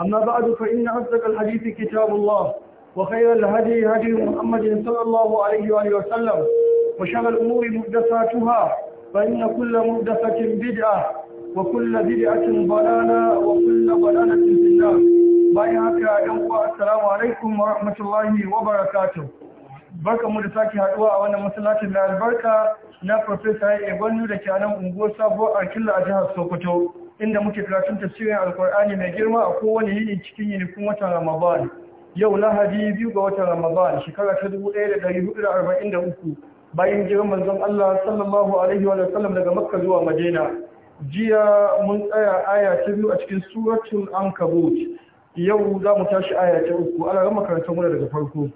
أما بعد فإن أصدق الحديث كتاب الله وخير الهدي هدي محمد صلى الله عليه وآله وسلم وشر الأمور محدثاتها فإن كل محدثة بدعة وكل بدعة ضلالة وكل ضلالة في النار بايعك يوم السلام عليكم ورحمة الله وبركاته barka mu da sake haduwa a wannan masallacin mai albarka na Professor Egonu da ke nan unguwar Sabo a Killa a jihar Sokoto. inda muke karatun tafsirin alkur'ani mai girma a kowane yini cikin yinikun watan ramadan yau lahadi biyu ga watan ramadan shekara ta 1443 bayan jiran manzon Allah sallallahu alaihi wa sallam daga makka zuwa madina jiya mun tsaya aya ta biyu a cikin suratul ankabut yau za mu tashi aya ta uku ana gama makarantar mu daga farko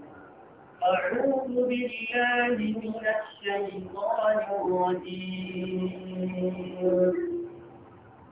أعوذ بالله من الشيطان الرجيم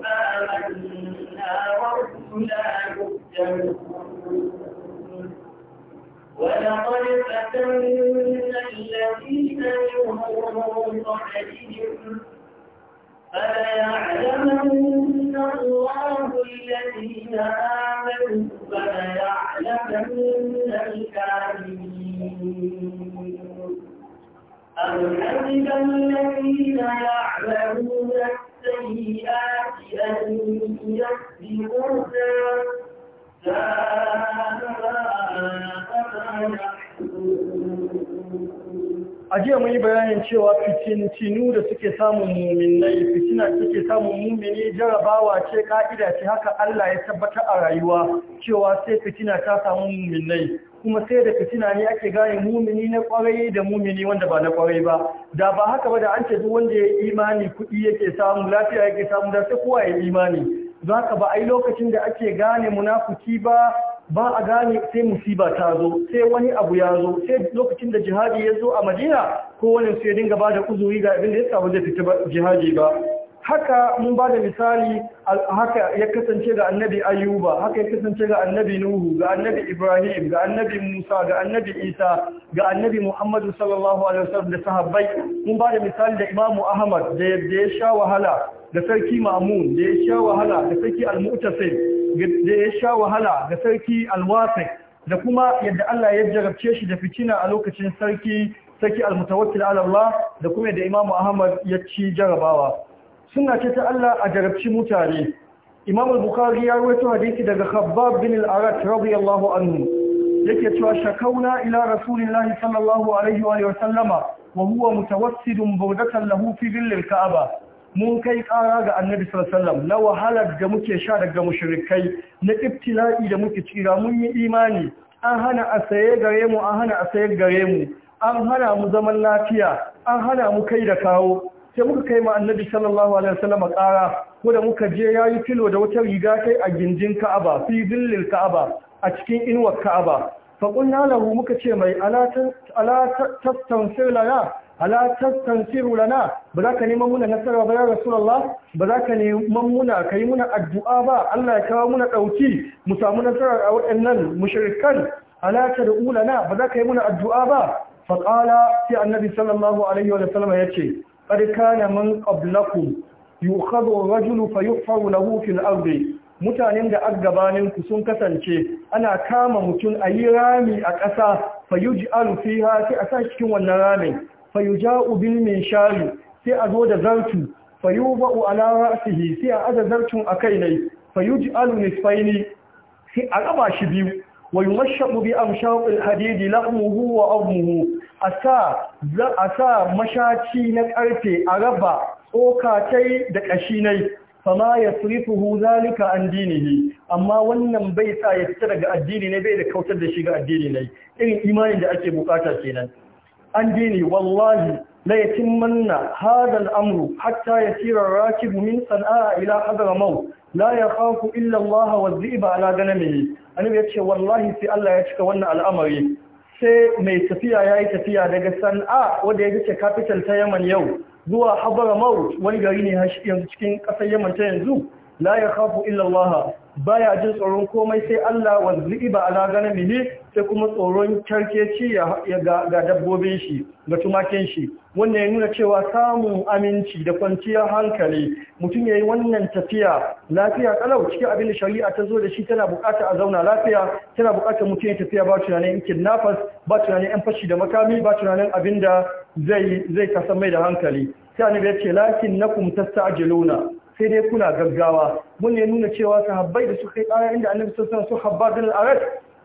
آمنا وهم لا يهتدون ولقد فتنا الذين من قبلهم فليعلمن الله الذين آمنوا فليعلمن الكاذبين أم حسب الذين يعلمون السيئات أن A jiya mun yi bayanin cewa fitinu da suke samun muminai, fitina suke samun mumini jarabawa ce ka'ida ce haka Allah ya tabbatar a rayuwa cewa sai fitina ta samu muminai. kuma sai da fitina ne ake gane mumini na kwarai da mumini wanda ba na kwarai ba da ba haka ba da an ce duk wanda ya imani kuɗi yake samu lafiya yake samu da sai kowa ya imani don haka ba ai lokacin da ake gane munafuki ba ba a gane sai musiba ta zo sai wani abu ya zo sai lokacin da jihadi ya zo a madina ko wani sai dinga ba da kuzuri ga abin da ya samu da fita jihadi ba haka mun ba da misali haka ya kasance ga annabi ayyuba haka ya kasance ga annabi nuhu ga annabi ibrahim ga annabi musa ga annabi isa ga annabi muhammadu sallallahu alaihi wasallam da sahabbai mun ba da misali da imamu ahmad da ya sha wahala da sarki mamun da ya sha wahala da sarki al-mu'tasim da ya sha wahala da sarki al-wasiq da kuma yadda Allah ya jarabce shi da fitina a lokacin sarki sarki al-mutawakkil ala Allah da kuma da imamu ahmad ya ci jarabawa suna ce ta Allah a jarabci mutane imam al-bukhari ya rawaito hadisi daga khabbab bin al-arat radiyallahu anhu yake cewa shakauna ila Rasulillah, sallallahu alaihi wa sallama wa huwa mutawassidun bawdatan lahu fi dhillil ka'aba mun kai kara ga annabi sallallahu alaihi na wahalar da muke sha daga mushrikai na ibtila'i da muke cira mun yi imani an hana a saye gare mu an hana a saye gare mu an hana mu zaman lafiya an hana mu kai da kawo sai muka kai ma annabi sallallahu alaihi wasallam ƙara ko da muka je yayi filo da wata riga kai a gindin Ka'aba fi zillil Ka'aba a cikin inuwar Ka'aba fa qulna lahu muka ce mai ala ala tastansir lana ala tastansiru lana ba za ka neman muna nasara ba ya rasulullah ba za ka neman muna kai muna addu'a ba Allah ya kawo muna dauki mu samu nasara a waɗannan mushrikan ala tad'u lana ba za ka yi muna addu'a ba fa qala sai annabi sallallahu alaihi wasallam ya ce قد كان من قبلكم يؤخذ الرجل فيحفر له في الأرض mutanen da aggabaninku sun kasance ana kama mutum a yi rami a ƙasa fayuji alufiha sai a sa cikin wannan ramin fayuja'u ubin min shari sai a zo da zartu fayuba'u ala ra'sihi sai a aza zartun a kai ne fayuji alu nisfaini sai a raba shi biyu ويمشق بأمشاق الحديد لحمه وأضمه أسا مشاكي نكأرتي أربع أوكاتي دكأشيني فما يصرفه ذلك عن دينه amma wannan bai sa ya fita daga addini ne bai da kautar da shi ga addini ne irin imanin da ake bukata kenan an dini wallahi la yatimanna hada amru hatta yasira rakib min sana'a ila hadramaut la yakhafu illa Allah wa ala annabi ya ce wallahi sai Allah ya cika wannan al'amari sai mai tafiya ya yi tafiya daga san'a Wadda ya ce capital ta yaman yau zuwa habara maut wani gari ne yanzu cikin ƙasar yaman ta yanzu la khafu illa Allah ya jin tsoron komai sai Allah wa zuliba ala ganamihi sai kuma tsoron kyarkeci ya ga dabbobin shi ga tumakin shi wannan ya nuna cewa samun aminci da kwanciyar hankali mutum yayi wannan tafiya lafiya kalau cikin abin da shari'a ta zo da shi tana bukata a zauna lafiya tana bukata mutum ya tafiya ba tunanin nafas ba tunanin yan fashi da makami ba tunanin abin da zai zai kasa mai da hankali sai annabi ya ce lakin nakum tasta'jiluna sai dai kuna gaggawa mun ne nuna cewa sahabbai da suka yi ƙara inda annabi sallallahu alaihi su habbar arad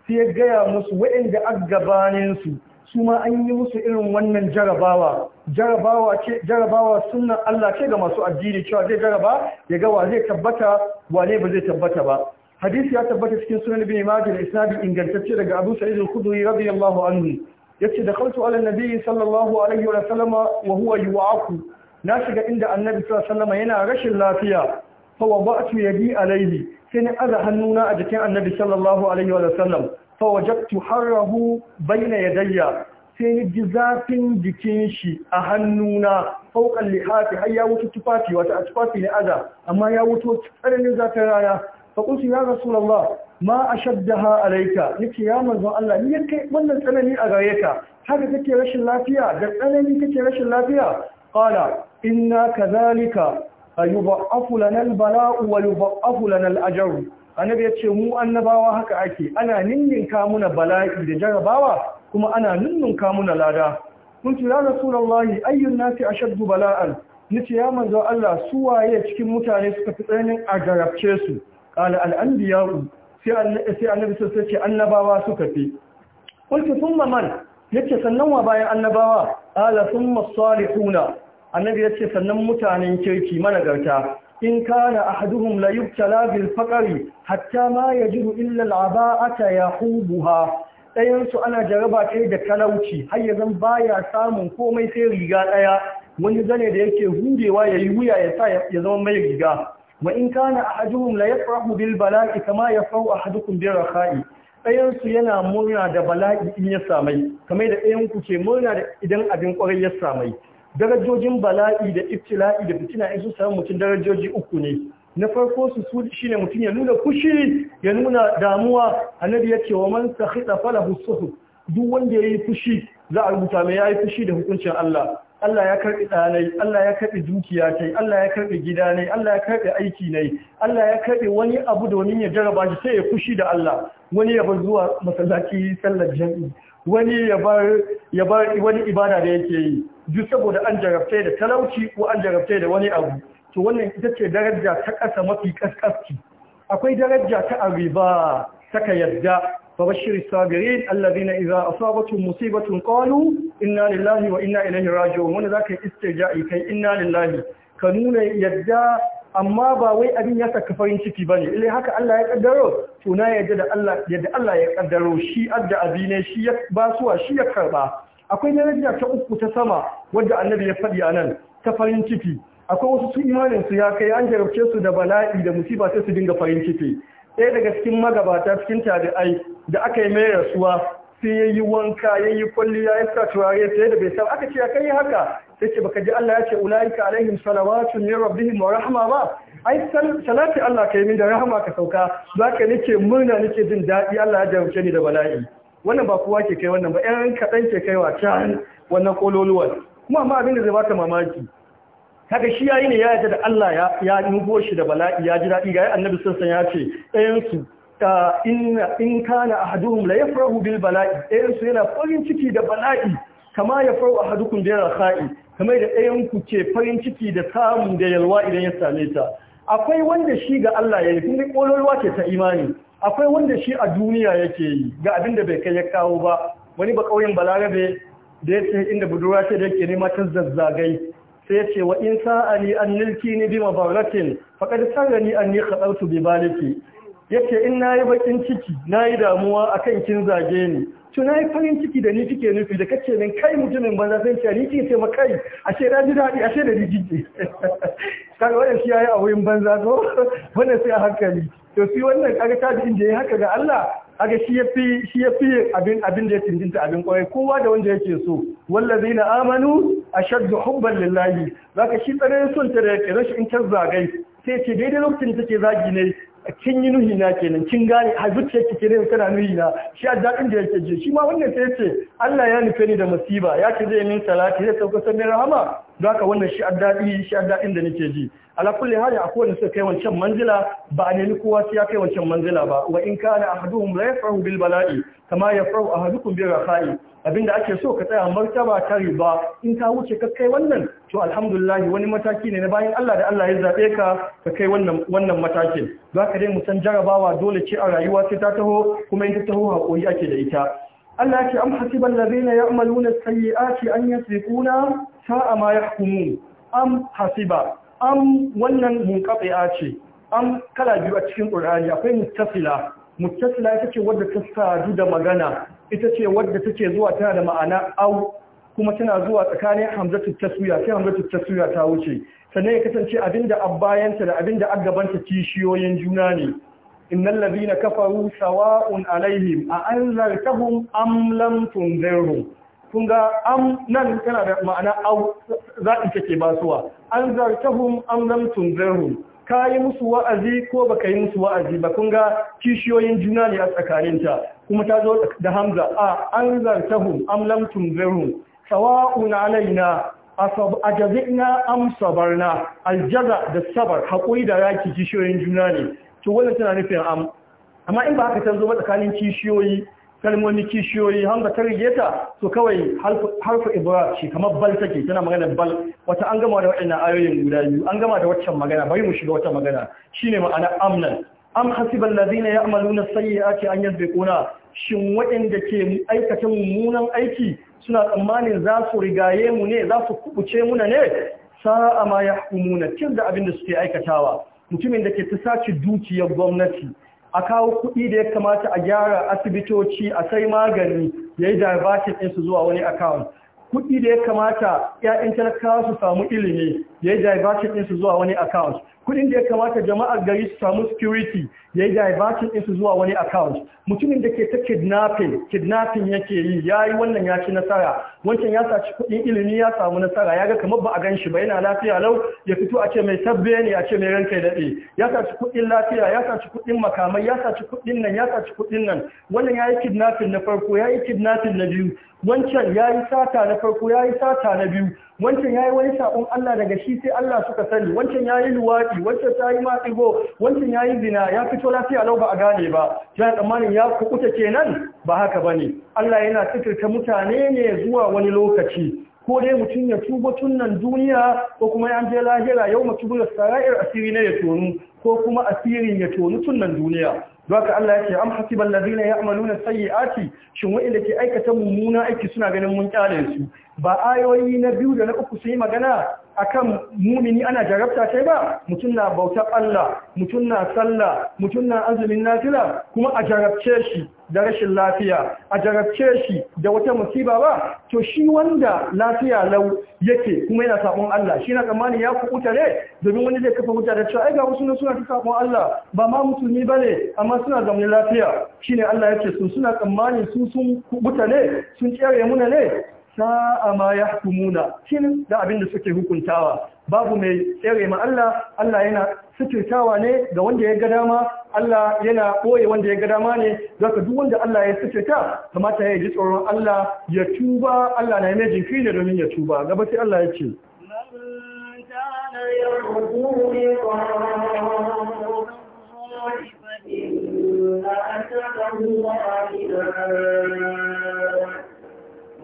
sai ya gaya musu waɗanda aggabanin su su ma an yi musu irin wannan jarabawa jarabawa ce jarabawa sunnan Allah ce ga masu addini cewa zai jaraba ya ga wa zai tabbata wane ba zai tabbata ba hadisi ya tabbata cikin sunan ibn majah da isnadi ingantacce daga Abu Sa'id al-Khudri radiyallahu anhu yace da khaltu ala nabi sallallahu alaihi wa sallama wa huwa yu'aku na shiga inda annabi sallallahu yana rashin lafiya fa wada'tu yadi alaihi sai na aza hannuna a jikin annabi sallallahu alaihi wasallam fa wajadtu harahu bayna yadayya sai ni ji zafin jikin shi a hannuna faukan lihafi har ya wuce tufafi wata a tufafi ne aza amma ya wuto tsananin zafin rana fa kunsu ya rasulullah ma ashaddaha alayka nake ya manzon Allah ni yake wannan tsanani a gare ka haka kake rashin lafiya da tsanani kake rashin lafiya qala inna kazalika! yub'afu lana balau wa yub'afu lana al annabi yace mu annabawa haka ake ana ninninka muna bala'i da jarabawa kuma ana ninninka muna lada kuntu ya rasulullahi ayyun nasi ashaddu bala'an nace ya manzo Allah su waye cikin mutane suka fi tsananin a su qala al-anbiya'u sai annabi sai annabawa suka fi kuntu thumma man yace sannan wa bayan annabawa qala thumma as-salihuna annabi ya ce sannan mutanen kirki managarta in kana ahaduhum la yubtala bil hatta ma yajidu illa al aba'ata yahubuha dayan su ana jaraba kai da talauci har ya zan baya samun komai sai riga ɗaya. wani zane da yake hudewa yayi wuya ya sa ya zama mai riga wa in kana ahaduhum la yafrahu bil bala'i kama yafrahu ahadukum bi rakha'i ɗayan su yana murna da bala'i in ya samai kamar da ɗayan ku ke murna da idan abin kwarai ya samai darajojin bala'i da iftila'i da fitina in sun samu mutum darajoji uku ne na farko su su shine mutum ya nuna fushi ya nuna damuwa annabi ya ce wa man sakhita falahu suhu duk wanda yayi fushi za a rubuta mai yayi fushi da hukuncin Allah Allah ya karbi ɗanai, Allah ya karbi dukiya tai, Allah ya karbi gida ne Allah ya karbi aiki nai, Allah ya karbi wani abu domin ya jaraba shi sai ya fushi da Allah, wani ya bar zuwa masallaci sallar jami'i, wani ya bar wani ibada da yake yi duk saboda an jarabtai da talauci ko an jarabtai da wani abu to wannan ita ce daraja ta ƙasa mafi ƙasƙasci akwai daraja ta arriba saka yadda فبشر الصابرين الذين إذا أصابتهم مصيبة قالوا إنا لله وإنا إليه راجعون وانا ذاك استرجاعي كي إنا لله كنون يدى amma ba wai abin ya saka farin ciki ba ne ilai haka Allah ya ƙaddaro to na yadda Allah ya ƙaddaro shi adda abi ne shi ya basuwa shi ya karba akwai darajar ta uku ta sama wadda annabi ya faɗi a nan ta farin ciki akwai wasu su imanin su ya kai an jarabce su da bala'i da musiba sai su dinga farin ciki ɗaya daga cikin magabata cikin tabi'ai da aka yi mai rasuwa sai ya yi wanka ya yi kwalliya ya sa turare sai da bai sa aka ce ya kai haka sai ce baka ji Allah ya ce ulaika alaihim salawatun min rabbihim wa rahma ba ai salati Allah kai min da rahama ka sauka zaka nake murna nake jin daɗi Allah ya jarumce ni da bala'i wannan ba kowa ke kai wannan ba ɗan kaɗan ke kai wa can wannan kololuwar kuma amma abin da zai baka mamaki kaga shi yayi ne ya yarda da Allah ya ya nugo shi da bala'i ya ji daɗi ga annabi sallallahu ya ce ɗayan su in kana ahaduhum la yafrahu bil bala'i ɗayan su yana farin ciki da bala'i kama ya faru a hadukun yana ha'i kama da ɗayan ku ke farin ciki da samun da yalwa idan ya same ta akwai wanda shi ga Allah ya yi kun ga ƙololuwa ce ta imani akwai wanda shi a duniya yake yi ga abin da bai kai ya kawo ba wani ba ƙauyen balarabe da ya ce inda budurwa ce da yake nema ta zazzagai sai ya ce wa in sa'ani an nilki ni bi mabaratin faqad sarani anni khatartu bi baliki yake in na yi bakin ciki na yi damuwa akan kin zage ne. to na yi farin ciki da ni kike nufi da kace min kai mutumin banza sai ce ni ce ma kai ashe da ji daɗi ashe da ji jike kaga wannan shi yayi a wurin banza to wannan sai a hankali to shi wannan kaga ta din inda yayi haka ga Allah kaga shi yafi shi yafi abin abin da ya tinjinta abin kwai kowa da wanda yake so wallazina amanu ashaddu hubban lillahi zaka shi tsare son ta da yake rashin in ta zagai sai ce daidai lokacin take zagi ne kin yi nuhi na kenan kin gane a zuciya ki kire kana nuhi na shi a daɗin da yake ji shi ma wannan sai ce Allah ya nufe ni da masiba. ya ce zai min salati zai sauka sannin rahama don haka wannan shi daɗi shi daɗin da nake ji ala kulli hali akwai wanda suka kai wancan manzila ba a nemi kowa su ya kai wancan manzila ba wa in kana ahaduhum la yafrahu bil bala'i kama faru ahadukum bi rafa'i abinda ake so ka tsaya martaba ta riba in ka wuce ka kai wannan to alhamdulillah wani mataki ne na bayan Allah da Allah ya zaɓe ka ka kai wannan wannan matakin zaka dai mu san jarabawa dole ce a rayuwa sai ta taho kuma in ta taho hakori ake da ita Allah ya ce am hasiban ladina ya'maluna sayyi'ati an yasriquna sa'a ma yahkumun am hasiba an wannan munqati'a ce an kala biyu a cikin ƙur'ani akwai muttasila muttasila ita ce wadda ta sadu da magana ita ce wadda ta take zuwa tana da ma'ana au kuma tana zuwa tsakanin hamzatu taswiya sai ta wuce sannan ya kasance abinda bayanta da abinda gabanta kishiyoyin juna ne labi na kafaru sawa'un alaihim a an am Amlan tunzirhum kun ga am nan tana da ma'ana au take basuwa an zartahum am lam tunzahum ka musu wa'azi ko baka yi musu wa'azi ba Kunga ga kishiyoyin juna ne a tsakaninta kuma ta zo da hamza a an zartahum am lam tunzahum sawa'un alaina ajazina am sabarna aljaza da sabar hakuri da raki kishiyoyin juna ne to wannan tana nufin am amma in ba haka ta zo tsakanin kishiyoyi kalmomi kishiyoyi hamza ta rige ta to kawai harfa ibra shi kamar bal take tana magana bal wata an gama da wa'annan ayoyin guda biyu an gama da waccan magana bari mu shiga wata magana shine ma'ana amnan am hasiban ladina ya'maluna sayyi'ati an yasbiquna shin waɗanda ke aikata mummunan aiki suna tsammanin za su rigaye mu ne za su kubuce mu ne sa'a ma yahkumuna kin da abin da suke aikatawa mutumin da ke ta sace dukiyar gwamnati a kawo kuɗi da ya kamata a gyara asibitoci a sai magani ya yi diverted ɗinsu zuwa wani account kuɗi da ya kamata 'ya'yan talakawa su samu ilimi ya yi diverted ɗinsu zuwa wani account kuɗin da ya kamata jama'ar gari su samu security ya yi diverting insu zuwa wani account mutumin da ke ta kidnapping kidnapping yake yi ya yi wannan ya ci nasara wancan ya saci kuɗin ilimi ya samu nasara ya ga kamar ba a gan shi ba yana lafiya lau ya fito a ce mai tabbe ne a ce mai ranka daɗe ya saci kuɗin lafiya ya saci kuɗin makamai ya saci kuɗin nan ya saci kuɗin nan wannan ya yi kidnapping na farko ya yi kidnapping na biyu wancan ya yi sata na farko ya yi sata na biyu wancan ya yi wani saƙon Allah daga shi sai Allah suka sani wancan ya yi luwaɗi wancan ta yi matsigo wancan ya yi zina ya fito so lafiya lau ba a gane ba yana tsammanin ya ke nan ba haka ba ne. Allah yana sitirta mutane ne zuwa wani lokaci ko dai mutum ya tuba tun nan duniya ko kuma ya je lahira yau mutum da sara'ir asiri ne ya tonu ko kuma asirin ya tonu tun nan duniya Doka Allah ya ce, hasi hasiban lazina ya sayi ati? shin da ke aikata mummuna aiki suna ganin mun kyale su, ba ayoyi na biyu da na uku sun yi magana akan mumini ana jarabta sai ba mutum na bautar Allah mutum na sallah mutum na azumin nafila kuma a jarabce shi da rashin lafiya a jarabce shi da wata musiba ba to shi wanda lafiya lau yake kuma yana sabon Allah shi na tsammani ya ku ne domin wani zai kafa wuta da cewa ai ga wasu ne suna ta sabon Allah ba ma musulmi bane amma suna zaune lafiya shine Allah yake su suna tsammani su sun kutare sun tsere muna ne sa'a ma ya hukumuna kin da abin da suke hukuntawa babu mai tsere ma Allah Allah yana suturtawa ne ga wanda ya ga dama Allah yana ɓoye wanda ya ga dama ne zaka duk wanda Allah ya suturta kamata ya ji tsoron Allah ya tuba Allah na mai jinfi ne domin ya tuba gaba sai Allah ya ce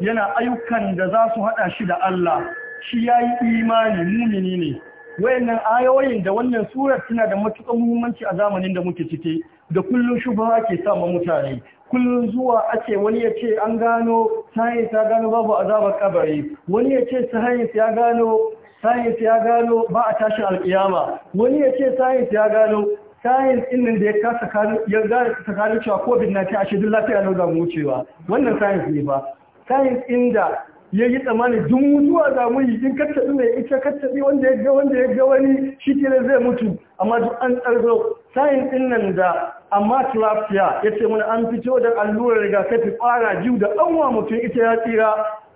yana ayyukan da za su haɗa shi da Allah shi ya yi imani mumini ne wayannan ayoyin da wannan surar suna da matuƙar muhimmanci a zamanin da muke ciki da kullum shubha ke sama mutane kullum zuwa ake wani ya ce an gano science ya gano babu azabar kabari wani ya ce science ya gano science ya gano ba a tashin alkiyama wani ya ce science ya gano science din nan da ya kasa ya gane tsakanin cewa covid ta a shidin lafiya na mu wucewa wannan science ne ba science inda ya yi tsamani duk mutuwa za mu yi in kattabi mai ita kattabi wanda ya ga wanda ya ga wani shi ke zai mutu amma duk an tsarzo sayin din nan da amma tilafiya ya ce mana an fito da allurar rigakafi fara jiw da anwa mutum ita ya tsira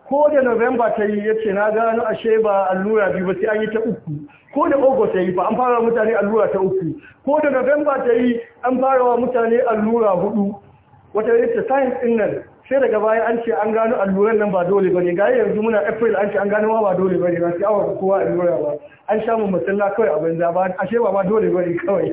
ko da november ta yi ya ce na gano ashe ba allura biyu ba sai an yi ta uku ko da ogo ta yi ba an fara mutane allura ta uku ko da november ta yi an fara wa mutane allura hudu wata yadda sayin din nan sai daga baya an ce an gano alluran nan ba dole bane ga yanzu muna april an ce an gano ba dole bane ba sai awa kowa allura ba an sha mu masalla kawai a banza ba ashe ba ma dole bane kawai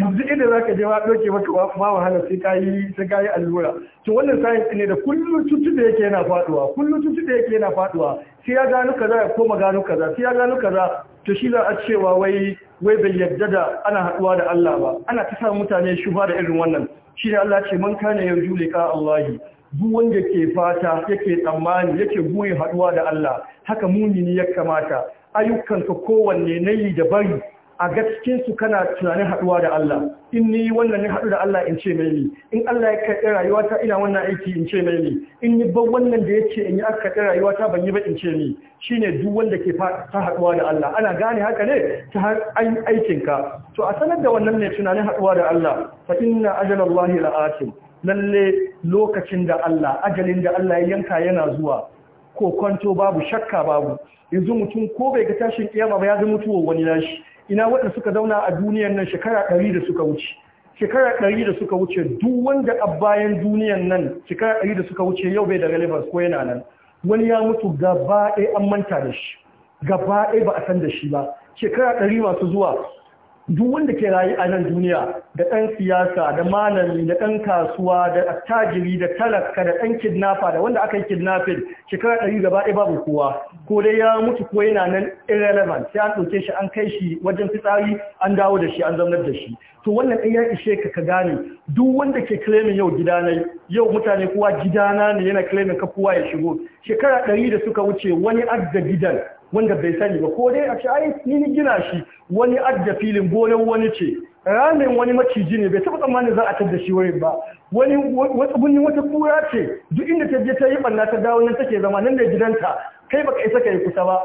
yanzu inda zaka je ma doke maka ba wahala sai ka yi sai ka yi allura to wannan science ne da kullun tutu da yake yana faduwa kullun tutu da yake yana faduwa sai ya gano kaza ya koma gano kaza sai ya gano kaza to shi za a cewa wai wai bai yarda da ana haduwa da Allah ba ana ta sa mutane shuba da irin wannan shi ne Allah ce man kana yanzu lika Allahi duk wanda ke fata yake tsammani yake buye haduwa da Allah haka muni mumini ya kamata ayyukanka kowanne nayi da bari a cikin su kana tunanin haduwa da Allah in ni wannan ne hadu da Allah in ce mai ni in Allah ya karɓi rayuwata ina wannan aiki in ce mai ni in yi ban wannan da yace in yi aka karɓi rayuwata ban yi ba in ce ni shine duk wanda ke fata haduwa da Allah ana gane haka ne ta har aikin ka to a sanar da wannan ne tunanin haduwa da Allah fa inna ajalallahi la'atin lalle lokacin da Allah ajalin da Allah ya yanka yana zuwa ko kwanto babu shakka babu yanzu mutum ko bai ga tashin kiyama ba ya ga mutuwa wani nashi ina wanda suka zauna a duniyar nan shekara ɗari da suka wuce shekara ɗari da suka wuce duk wanda a bayan duniyar nan shekara ɗari da suka wuce yau bai da relevance ko yana nan wani ya mutu gaba ɗaya an manta da shi gaba ɗaya ba a san da shi ba shekara ɗari masu zuwa duk wanda ke rayu a nan duniya da ɗan siyasa da malami da ɗan kasuwa da attajiri da talaka da ɗan kidnapper da wanda aka yi kidnapping shekara ɗari gaba ɗaya babu kowa ko dai ya mutu ko yana nan irrelevant sai an ɗauke shi an kai shi wajen fitsari an dawo da shi an zaunar da shi to wannan ɗaya ya ishe ka ka gane duk wanda ke claiming yau gidana yau mutane kowa gidana ne yana claiming ka kowa ya shigo shekara ɗari da suka wuce wani adda gidan wanda bai sani ba ko dai a ce ai ni gina shi wani adda filin gonan wani ce ramin wani maciji ne bai taba tsammanin za a tadda shi wurin ba wani wata bunni wata kura ce duk inda ta je ta yi banna ta dawo nan take zama nan da gidanta kai baka isa kai kusa ba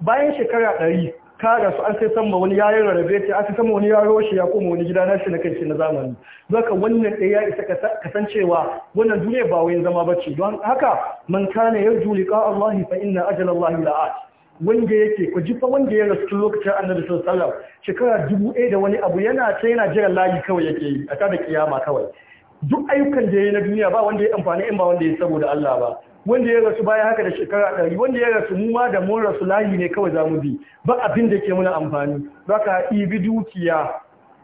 bayan shekara ɗari ka su an sai san ma wani yayin rarrabe ce an sai san wani yaro shi ya koma wani gida na shi na kai shi na zamani zaka wannan ɗaya ya isa kasancewa wannan duniya ba wayin zama bace don haka man kana yarju liqa Allah fa inna ajala Allah la'at wanda yake ku jifa wanda ya rasu lokacin annabi sallallahu alaihi wasallam shekara dubu ɗaya da wani abu yana ta yana jiran layi kawai yake yi a tada kiyama kawai duk ayyukan da ya yi na duniya ba wanda ya amfani in ba wanda ya saboda Allah ba wanda ya rasu baya haka da shekara ɗari wanda ya rasu mu ma da mun rasu layi ne kawai za mu bi ba abin da ke muna amfani za ka ibi dukiya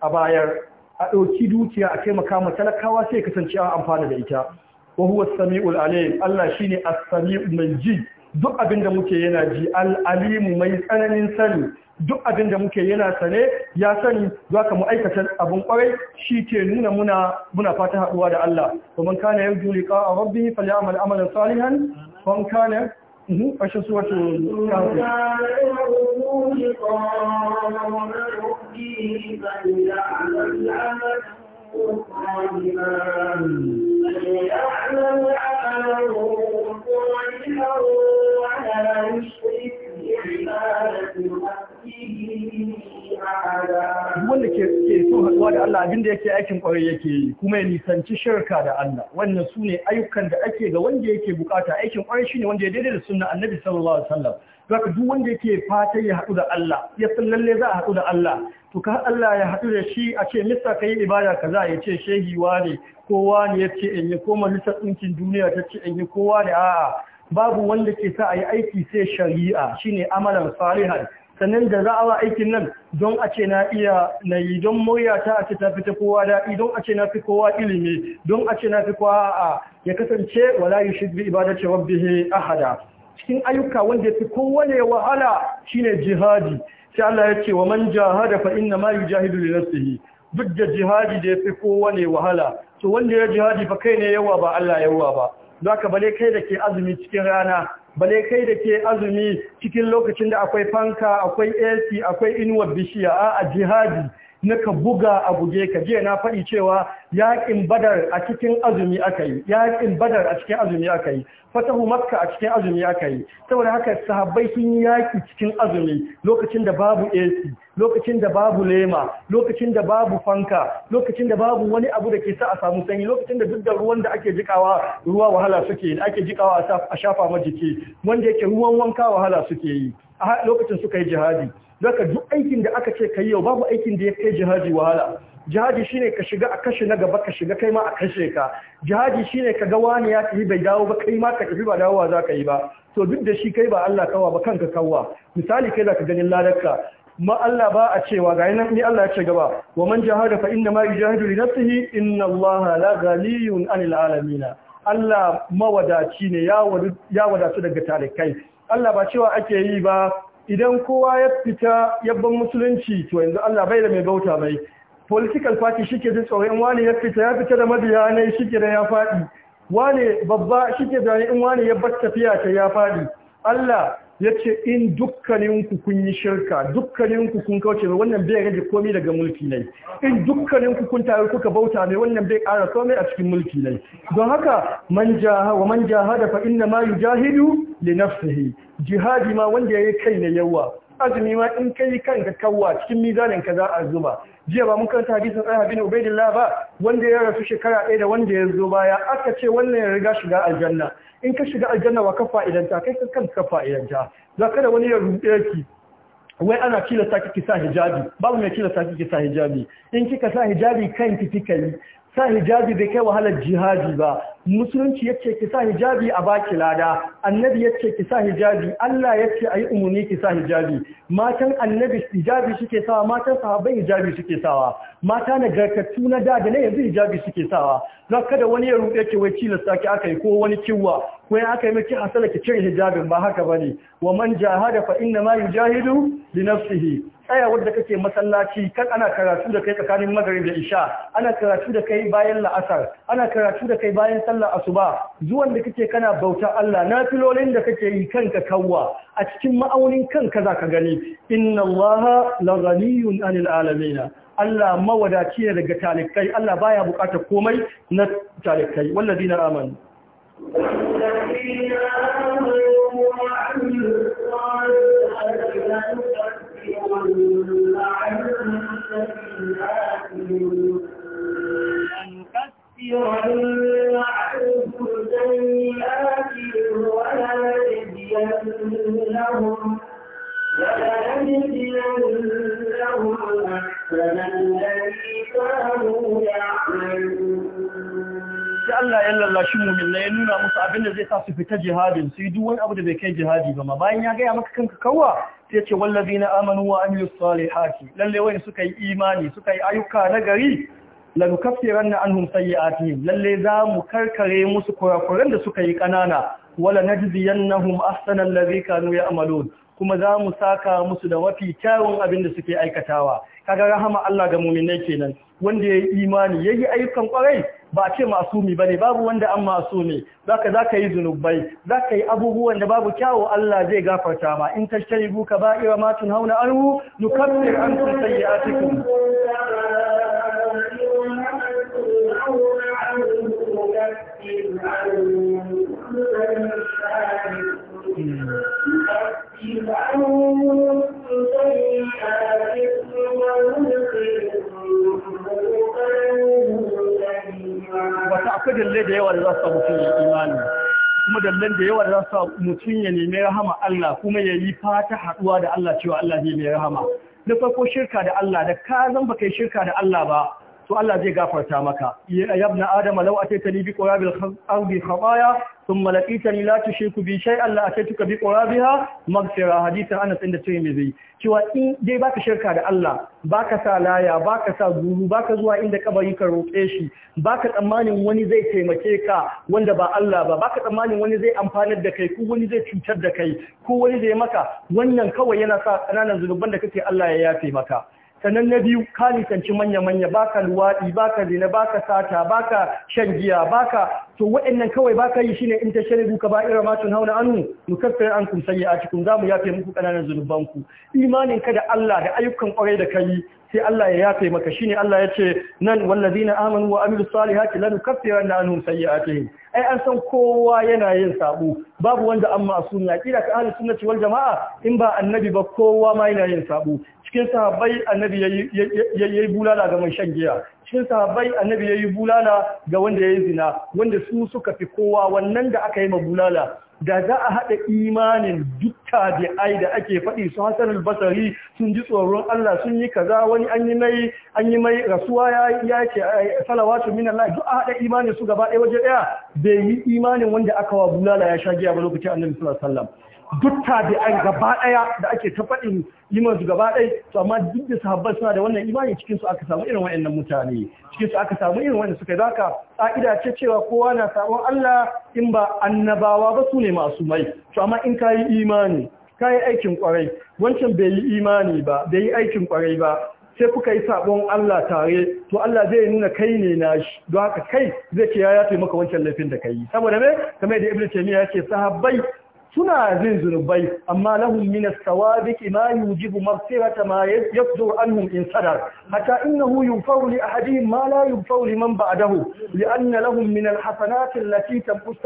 a bayar a ɗauki dukiya a taimaka ma talakawa sai kasance an amfana da ita wa huwa samiul alim Allah shine as-sami'u mai ji duk abinda muke yana ji al'alimu mai tsananin sani duk abinda muke yana sane ya sani za ka aikata abin kwarai shi ke nuna muna fata haɗuwa da Allah kuma kana yau juli ka a rabbi fali amal amalan salihan kuma kana ƙarshen su wata wanda ke so haɗuwa da Allah abinda yake aikin ƙwarai yake yi kuma ya nisanci shirka da Allah wannan su ne ayyukan da ake ga wanda yake bukata aikin ƙwarai shine wanda ya daidai da sunna annabi sallallahu alaihi wasallam duk wanda yake fata ya haɗu da Allah ya san lalle za a haɗu da Allah to Allah ya haɗu da shi a ce mista ka yi ibada kaza ya ce shehi ne kowa ne ya ce in ko majalisar ɗinkin duniya ta ce in yi kowa ne a babu wanda ke sa a yi aiki sai shari'a shine amalan farihar sannan da za a wa aikin nan don a ce na iya na yi don murya ta a ce ta fi ta kowa daɗi don a ce na fi kowa ilimi don a ce na fi kowa a ya kasance wala yi shi bi ibadar rabbihi ahada cikin ayyuka wanda ya fi kowane wahala shine jihadi sai Allah ya ce wa man jahada fa inna ma yujahidu li nafsihi duk da jihadi da yafi kowane wahala to wanda ya jihadi fa kai ne yawa ba Allah yawa ba haka bale kai da ke azumi cikin rana bale kai da ke azumi cikin lokacin da akwai fanka akwai AC akwai inuwar bishiya a jihadi na ka buga a buge ka jiya na faɗi cewa yaƙin badar a cikin azumi aka yi yaƙin badar a cikin azumi aka yi fatahu makka a cikin azumi aka yi saboda haka sahabbai sun yi yaki cikin azumi lokacin da babu AC lokacin da babu lema lokacin da babu fanka lokacin da babu wani abu da ke sa a samu sanyi lokacin da duk da ruwan da ake jikawa ruwa wahala suke yi ake jikawa a shafa ma jiki wanda yake ruwan wanka wahala suke yi a lokacin suka yi jihadi duk aikin da aka ce kai yau babu aikin da ya kai jihadi wahala jihadi shine ka shiga a kashe na gaba ka shiga kai ma a kashe ka jihadi shine ka ga wani ya tafi bai dawo ba kai ma ka tafi ba dawowa za ka yi ba to duk da shi kai ba Allah kawa ba kanka kawa misali kai ka ganin ladarka ma Allah ba a cewa ga nan ni Allah ya ce gaba wa man jahada fa inna ma yujahidu li nafsihi inna Allah la ghaliyun anil alamin Allah mawadaci ne ya wadatu daga talikai Allah ba cewa ake yi ba idan kowa ya fita yabban musulunci to yanzu Allah bai da mai bauta mai political party shi ke jin in wani ya fita ya fita da mabiya ne shi ke da ya faɗi wani babba shi ke da in wani ya bar tafiya ta ya faɗi Allah ya ce in ku kun yi shirka ku kun kauce mai wannan bai rage komai daga mulki ne in ku kun taru kuka bauta mai wannan bai ƙara komai a cikin mulki ne don haka man jaha wa man jaha da fa inna ma yujahidu li nafsihi jihadi ma wanda yayi kai ne yawa azumi ma in kai kanka kawwa cikin mizanin ka za a zuba jiya ba mun karanta hadisin Talha bin Ubaidillah ba wanda ya rasu shekara ɗaya da wanda ya zo baya aka ce wannan ya riga shiga aljanna in ka shiga aljanna wa ka fa'idanta kai ka kanka fa'idanta za ka da wani ya rubuce ki wai ana tilasta kiki sa hijabi babu mai tilasta kiki sa hijabi in kika sa hijabi kanki kika yi sa hijabi bai kai wahalar jihadi ba musulunci yace ki sa hijabi a baki lada annabi yace ki sa hijabi Allah yace ayi umuni ki sa hijabi matan annabi hijabi suke sawa matan sahabbai hijabi suke sawa mata garkatu na da da yanzu hijabi suke sawa za kada wani ya ruɗe ke wai tilasta ki aka yi ko wani kiwa ko ya aka yi miki asala ki cire hijabin ba haka bane wa man jahada fa inna ma yujahidu li nafsihi tsaya wadda kake masallaci kan ana karatu da kai tsakanin magrib da isha ana karatu da kai bayan la'asar ana karatu da kai bayan sallar asuba zuwan da kake kana bauta Allah nafilolin da kake yi kanka kawwa a cikin ma'aunin kanka zaka gani inna allaha la anil alamin Allah mawadaci ne daga talikai Allah baya buƙatar komai na talikai wallazina amanu Thank you. tashi mumin ya nuna musu abin da zai sa su fita jihadin su yi duwan abu da bai kai jihadi ba ma bayan ya gaya maka kanka kawa sai ce wallazi na amanu wa tsari haki lalle wani suka yi imani suka yi ayyuka na gari na la nukaffiranna anhum sayyi'atihim lalle za mu karkare musu kurakuran da suka yi kanana wala na na najziyannahum asanan allazi kanu ya'malun kuma za mu saka musu da mafi kyawun abin da suke aikatawa kaga rahama Allah ga mu'minai kenan wanda ya yi imani ya yi ayyukan kwarai ba a ce masumi ne, babu wanda an masumi zaka zaka yi zunubai zaka yi abubuwan da babu kyawu Allah zai gafarta ma in tashtayibu ka ba'ira ma tunhauna anhu nukaffir ankum sayyi'atikum Thank hmm. you. ba ta akwai dalle da yawa da za su samu mutum imani kuma da yawa da za su samu mutum ya nemi rahama Allah kuma ya yi fata haɗuwa da Allah cewa Allah zai mai rahama na farko shirka da Allah da ka zan baka yi shirka da Allah ba to Allah zai gafarta maka ya Adama lau law ataita li bi qurabil ardi khataya thumma ni la tushriku bi a la ka bi qurabiha maghfira hadithan Anas inda zai cewa in dai baka shirka da Allah baka sa laya baka sa guru baka zuwa inda kabari ka roƙe shi baka tsammanin wani zai taimake ka wanda ba Allah ba baka tsammanin wani zai amfanar da kai ko wani zai cutar da kai ko wani zai maka wannan kawai yana sa ƙananan zunuban da kake Allah ya yafe maka sannan na biyu ka nisanci manya-manya baka luwaɗi baka zina baka sata baka shan giya ka. to waɗannan kawai baka yi shine in ta shari duka ba ira ma hauna anu kafin an kun sayya a cikin zamu yafe muku kananan zunubanku imanin ka da Allah da ayyukan kwarai da kai sai Allah ya yafe maka ne Allah ya ce nan wallazina amanu wa amilus salihati lanukaffir an a sayyi'atihim ai an san kowa yana yin sabo babu wanda an masu na kira ka ahli sunnati wal jamaa in ba annabi ba kowa ma yana yin sabo cikin sahabbai annabi yayi bulala ga mai shan giya cikin sahabbai annabi yayi bulala ga wanda yayi zina wanda su suka fi kowa wannan da aka yi ma bulala da za a haɗa imanin duk ai da ake faɗi su hasar albasari sun ji tsoron Allah sun yi kaza wani an yi mai an yi mai rasuwa ya yake salawatu min Allah duk a haɗa imanin su gaba ɗaya waje ɗaya bai yi imanin wanda aka wa bulala ya sha giya ba lokacin annabi sallallahu alaihi wasallam duk tabi'ai gaba daya da ake ta faɗin liman su gaba dai to amma duk da sahabban suna da wannan imani cikin su aka samu irin wayannan mutane cikin su aka samu irin wanda suka zaka ka'ida ce cewa kowa na sabon Allah in ba annabawa ba su ne masu mai to amma in kayi imani kayi aikin kwarai wancan bai yi imani ba bai yi aikin kwarai ba sai kuka yi sabon Allah tare to Allah zai nuna kai ne na nashi don haka kai zai ce ya yafe maka wancan laifin da kai saboda me kamar da Ibn Taymiyyah ya sahabbai suna jin zunubai amma lahum min as-sawabiqi ma yujibu maghfirata ma yafdur anhum in sadar hatta innahu yunfaru li ahadihim ma la yunfaru liman ba'dahu li'anna lahum min al-hasanati allati tamhu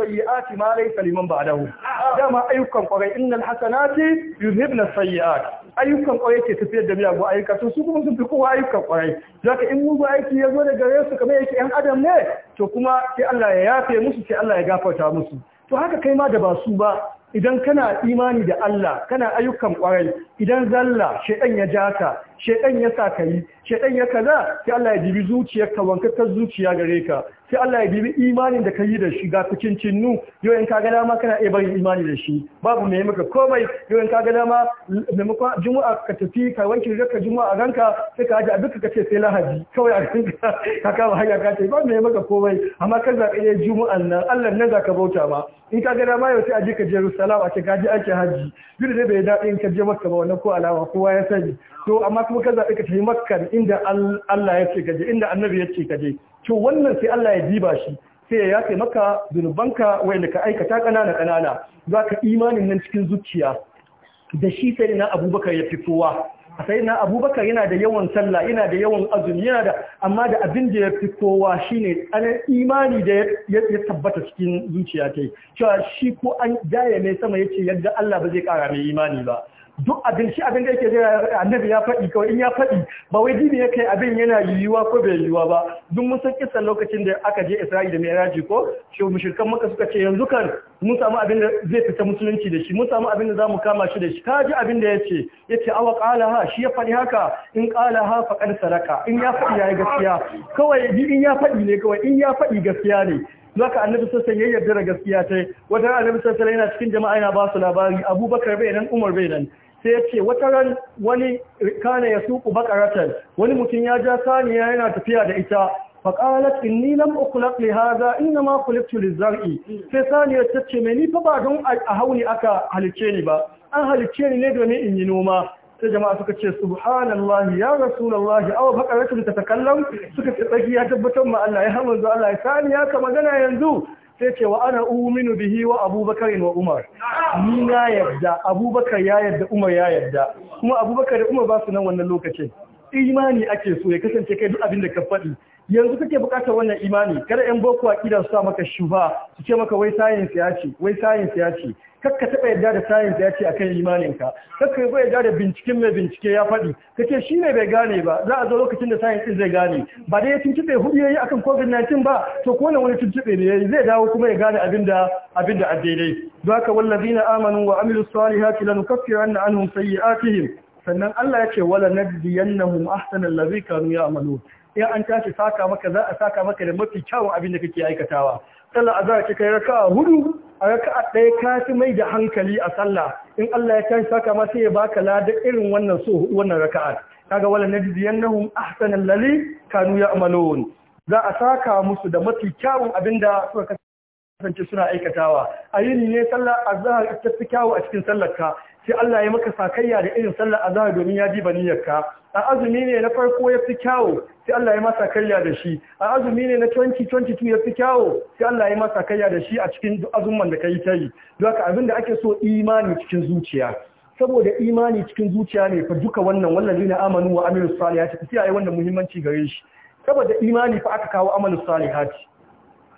ma liman dama ayyukan kwarai innal hasanati yuzhibna as ayyukan kwarai ke tafiyar da miyagun ayyuka to su kuma sun fi kowa ayyukan kwarai zaka in mugu aiki ya zo da gare su kamar yake yan adam ne to kuma sai Allah ya yafe musu sai Allah ya gafarta musu to haka kai ma da ba su ba idan kana imani da Allah kana ayyukan kwarai idan zalla shaidan ya ja ka shedan ya sa ka yi shedan ya kaza sai Allah ya dibi zuciyarka wankakar zuciya gare ka sai Allah ya dibi imanin da ka yi da shi ga cikin cinnu yau in ka gada ma kana iya barin imani da shi babu mai maka komai yau in ka gada ma maimakon juma'a ka tafi ka wanke raka juma'a a ranka sai ka a duka ka ce sai lahadi kawai a ranka ka kama hanya ka ce babu mai maka komai amma kan zaɓi iya juma'an nan Allah nan za ka bauta ma in ka gada ma yau sai a je ka Jerusalem a ce ka je ake haji duk da bai daɗi in ka je maka ba wannan ko alama kowa ya sani to amma kuma ka zaɓi ka tafi makka inda Allah ya ce ka je inda annabi ya ce ka je to wannan sai Allah ya diba shi sai ya yafe maka zunubanka wanda ka aikata ƙanana ƙanana za ka imanin nan cikin zuciya da shi sai na abubakar ya fi kowa sai na abubakar yana da yawan sallah yana da yawan azumi yana da amma da abin da ya fi kowa shine an imani da ya tabbata cikin zuciya ta yi cewa shi ko an jaya mai sama ya ce yadda Allah ba zai kara mai imani ba duk abin shi abin da yake jira annabi ya faɗi kawai in ya faɗi ba wai dini ya kai abin yana yiwuwa ko bai yiwuwa ba duk mun san kisan lokacin da aka je Isra'i da Mi'raji ko shi mushrikan maka suka ce yanzu kan mun samu abin da zai fita musulunci da shi mun samu abin da zamu kama shi da shi ka ji abin da yace yace awa qala ha shi ya faɗi haka in qala ha faƙar saraka in ya faɗi yayi gaskiya kawai in ya faɗi ne kawai in ya faɗi gaskiya ne Zaka annabi sassan ya yarda da gaskiya ta wata ran annabi sassan yana cikin jama'a yana ba su labari abubakar bai nan umar bai nan sai ya ce wata ran wani kana ya suku bakaratar wani mutum ya ja saniya yana tafiya da ita faƙalat inni lam ukhlaq li in inna ma khuliqtu lizar'i sai saniya ta ce mai ni fa ba don a hauni aka halice ni ba an halice ni ne domin in yi noma sai jama'a suka ce subhanallahi ya rasulullahi aw ta tatakallam suka ce tsaki ya tabbatar ma Allah ya hamdu Allah ya sani ya ka magana yanzu sai ce wa ana uminu bihi wa abubakar wa umar ni na yadda abubakar ya yadda umar ya yadda kuma abubakar da umar ba su nan wannan lokacin imani ake so ya kasance kai duk abin da ka faɗi yanzu kake buƙatar wannan imani kada yan boko akida su sa maka shuba su ce maka wai science ya wai science ya ce kakka taɓa yadda da science ya ce akan imaninka kakka yaba yadda da binciken mai bincike ya faɗi kace shi ne bai gane ba za a zo lokacin da science zai gane ba dai ya tuntuɓe hudu yayi akan covid-19 ba to ko wani tuntuɓe ne yayi zai dawo kuma ya gane abin da abin da daidai don haka wallazina amanu wa amilu salihati lanukaffiranna anhum sayyi'atihim sannan Allah ya ce wala nadiyannahum ahsana allazi kanu ya'malun in an tashi saka maka za a saka maka da mafi kyawun abin da kake aikatawa sallar azhar kika raka'a hudu a raka'a ɗaya ka fi mai da hankali a sallah in Allah ya tashi saka ma sai ya baka lada irin wannan so hudu wannan raka'a kaga wala najziyannahum ahsana Lali, kanu ya'malun za a saka musu da mafi kyawun abinda suka kasance suna aikatawa a yini ne sallar azhar ta fi kyawu a cikin sallar ka sai Allah ya maka sakayya da irin sallar azhar domin ya ji baniyarka a azumi ne na farko ya fi kyawo sai Allah ya masa kayya da shi a azumi ne na 2022 ya fi kyawo sai Allah ya masa kayya da shi a cikin azumman da kai tayi don haka abin da ake so imani cikin zuciya saboda imani cikin zuciya ne fa duka wannan wallahi na amanu wa amilu salihati sai ayi wannan muhimmanci gare shi saboda imani fa aka kawo amalu salihati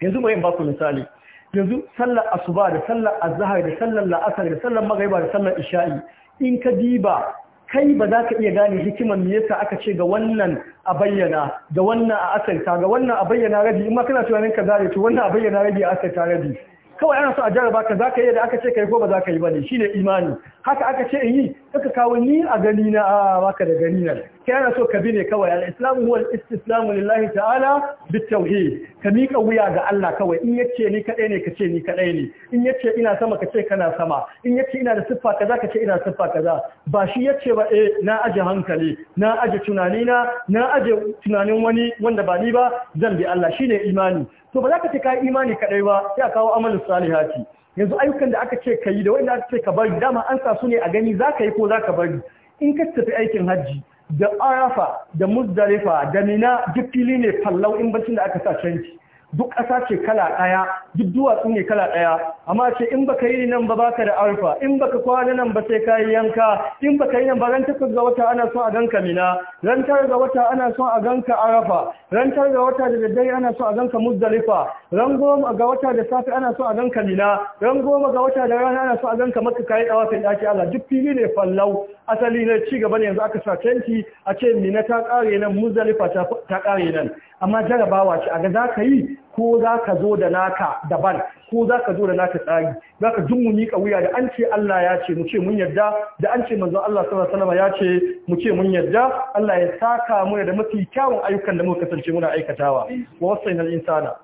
yanzu mai ba ku misali yanzu sallar asuba da sallar azhar da sallar la'asar da sallar magriba da sallar isha'i in ka diba kai ba za ka iya gane hikimar me yasa aka ce ga wannan a bayyana ga wannan a asarta ga wannan a bayyana rabi in ma kana tunanin ka zare to wannan a bayyana rabi a asarta rabi kawai ana so a jarraba ka za ka yi da aka ce ka yi ko ba za ka yi ba ne shi ne imani haka aka ce in yi kaka kawo ni a gani na a baka da gani na kai so ka bi ne kawai al-islamu wal lillahi ta'ala bit tauhid ka mika wuya ga Allah kawai in yace ni kaɗai ne ka ce ni kaɗai ne in yace ina sama ka ce kana sama in yace ina da siffa kaza ka ce ina siffa kaza ba shi yace ba eh na aje hankali na aje tunani na na aje tunanin wani wanda ba ni ba zan bi Allah shine imani to ba za ka ce ka yi imani kaɗai ba sai a kawo amalin salihati yanzu ayyukan da aka ce ka yi da wanda aka ce ka bari dama an sa su ne a gani za ka yi ko za ka bari in ka tafi aikin hajji da arafa da muzdalifa da Nina, duk fili ne fallau in bacin da aka sa canji duk ƙasa ce kala ɗaya duk duwatsu ne kala ɗaya amma ce in baka yi nan ba baka da alfa in baka kwana nan ba sai kayi yanka in baka yi nan ba ran takwas ga wata ana son a ganka mina ran tara ga wata ana son a ganka arafa ran tara ga wata da daddare ana son a ganka muzdalifa ran goma ga wata da safe ana son a ganka mina ran goma ga wata da rana ana son a ganka maka kayi dawafin ɗaki Allah duk fili ne fallau asali ne ci gaba ne yanzu aka sa tenti a ce mina ta kare nan muzdalifa ta kare nan amma jarabawa ce a ga za ka yi ko za ka zo da naka daban ko za ka zo da naka tsari za ka jin mu miƙa wuya da an ce Allah ya ce mu ce mun yarda da an ce manzon Allah sallallahu alaihi ya ce mu ce mun yarda Allah ya saka mu da mafi kyawun ayyukan da muka kasance muna aikatawa wa wasaina al-insana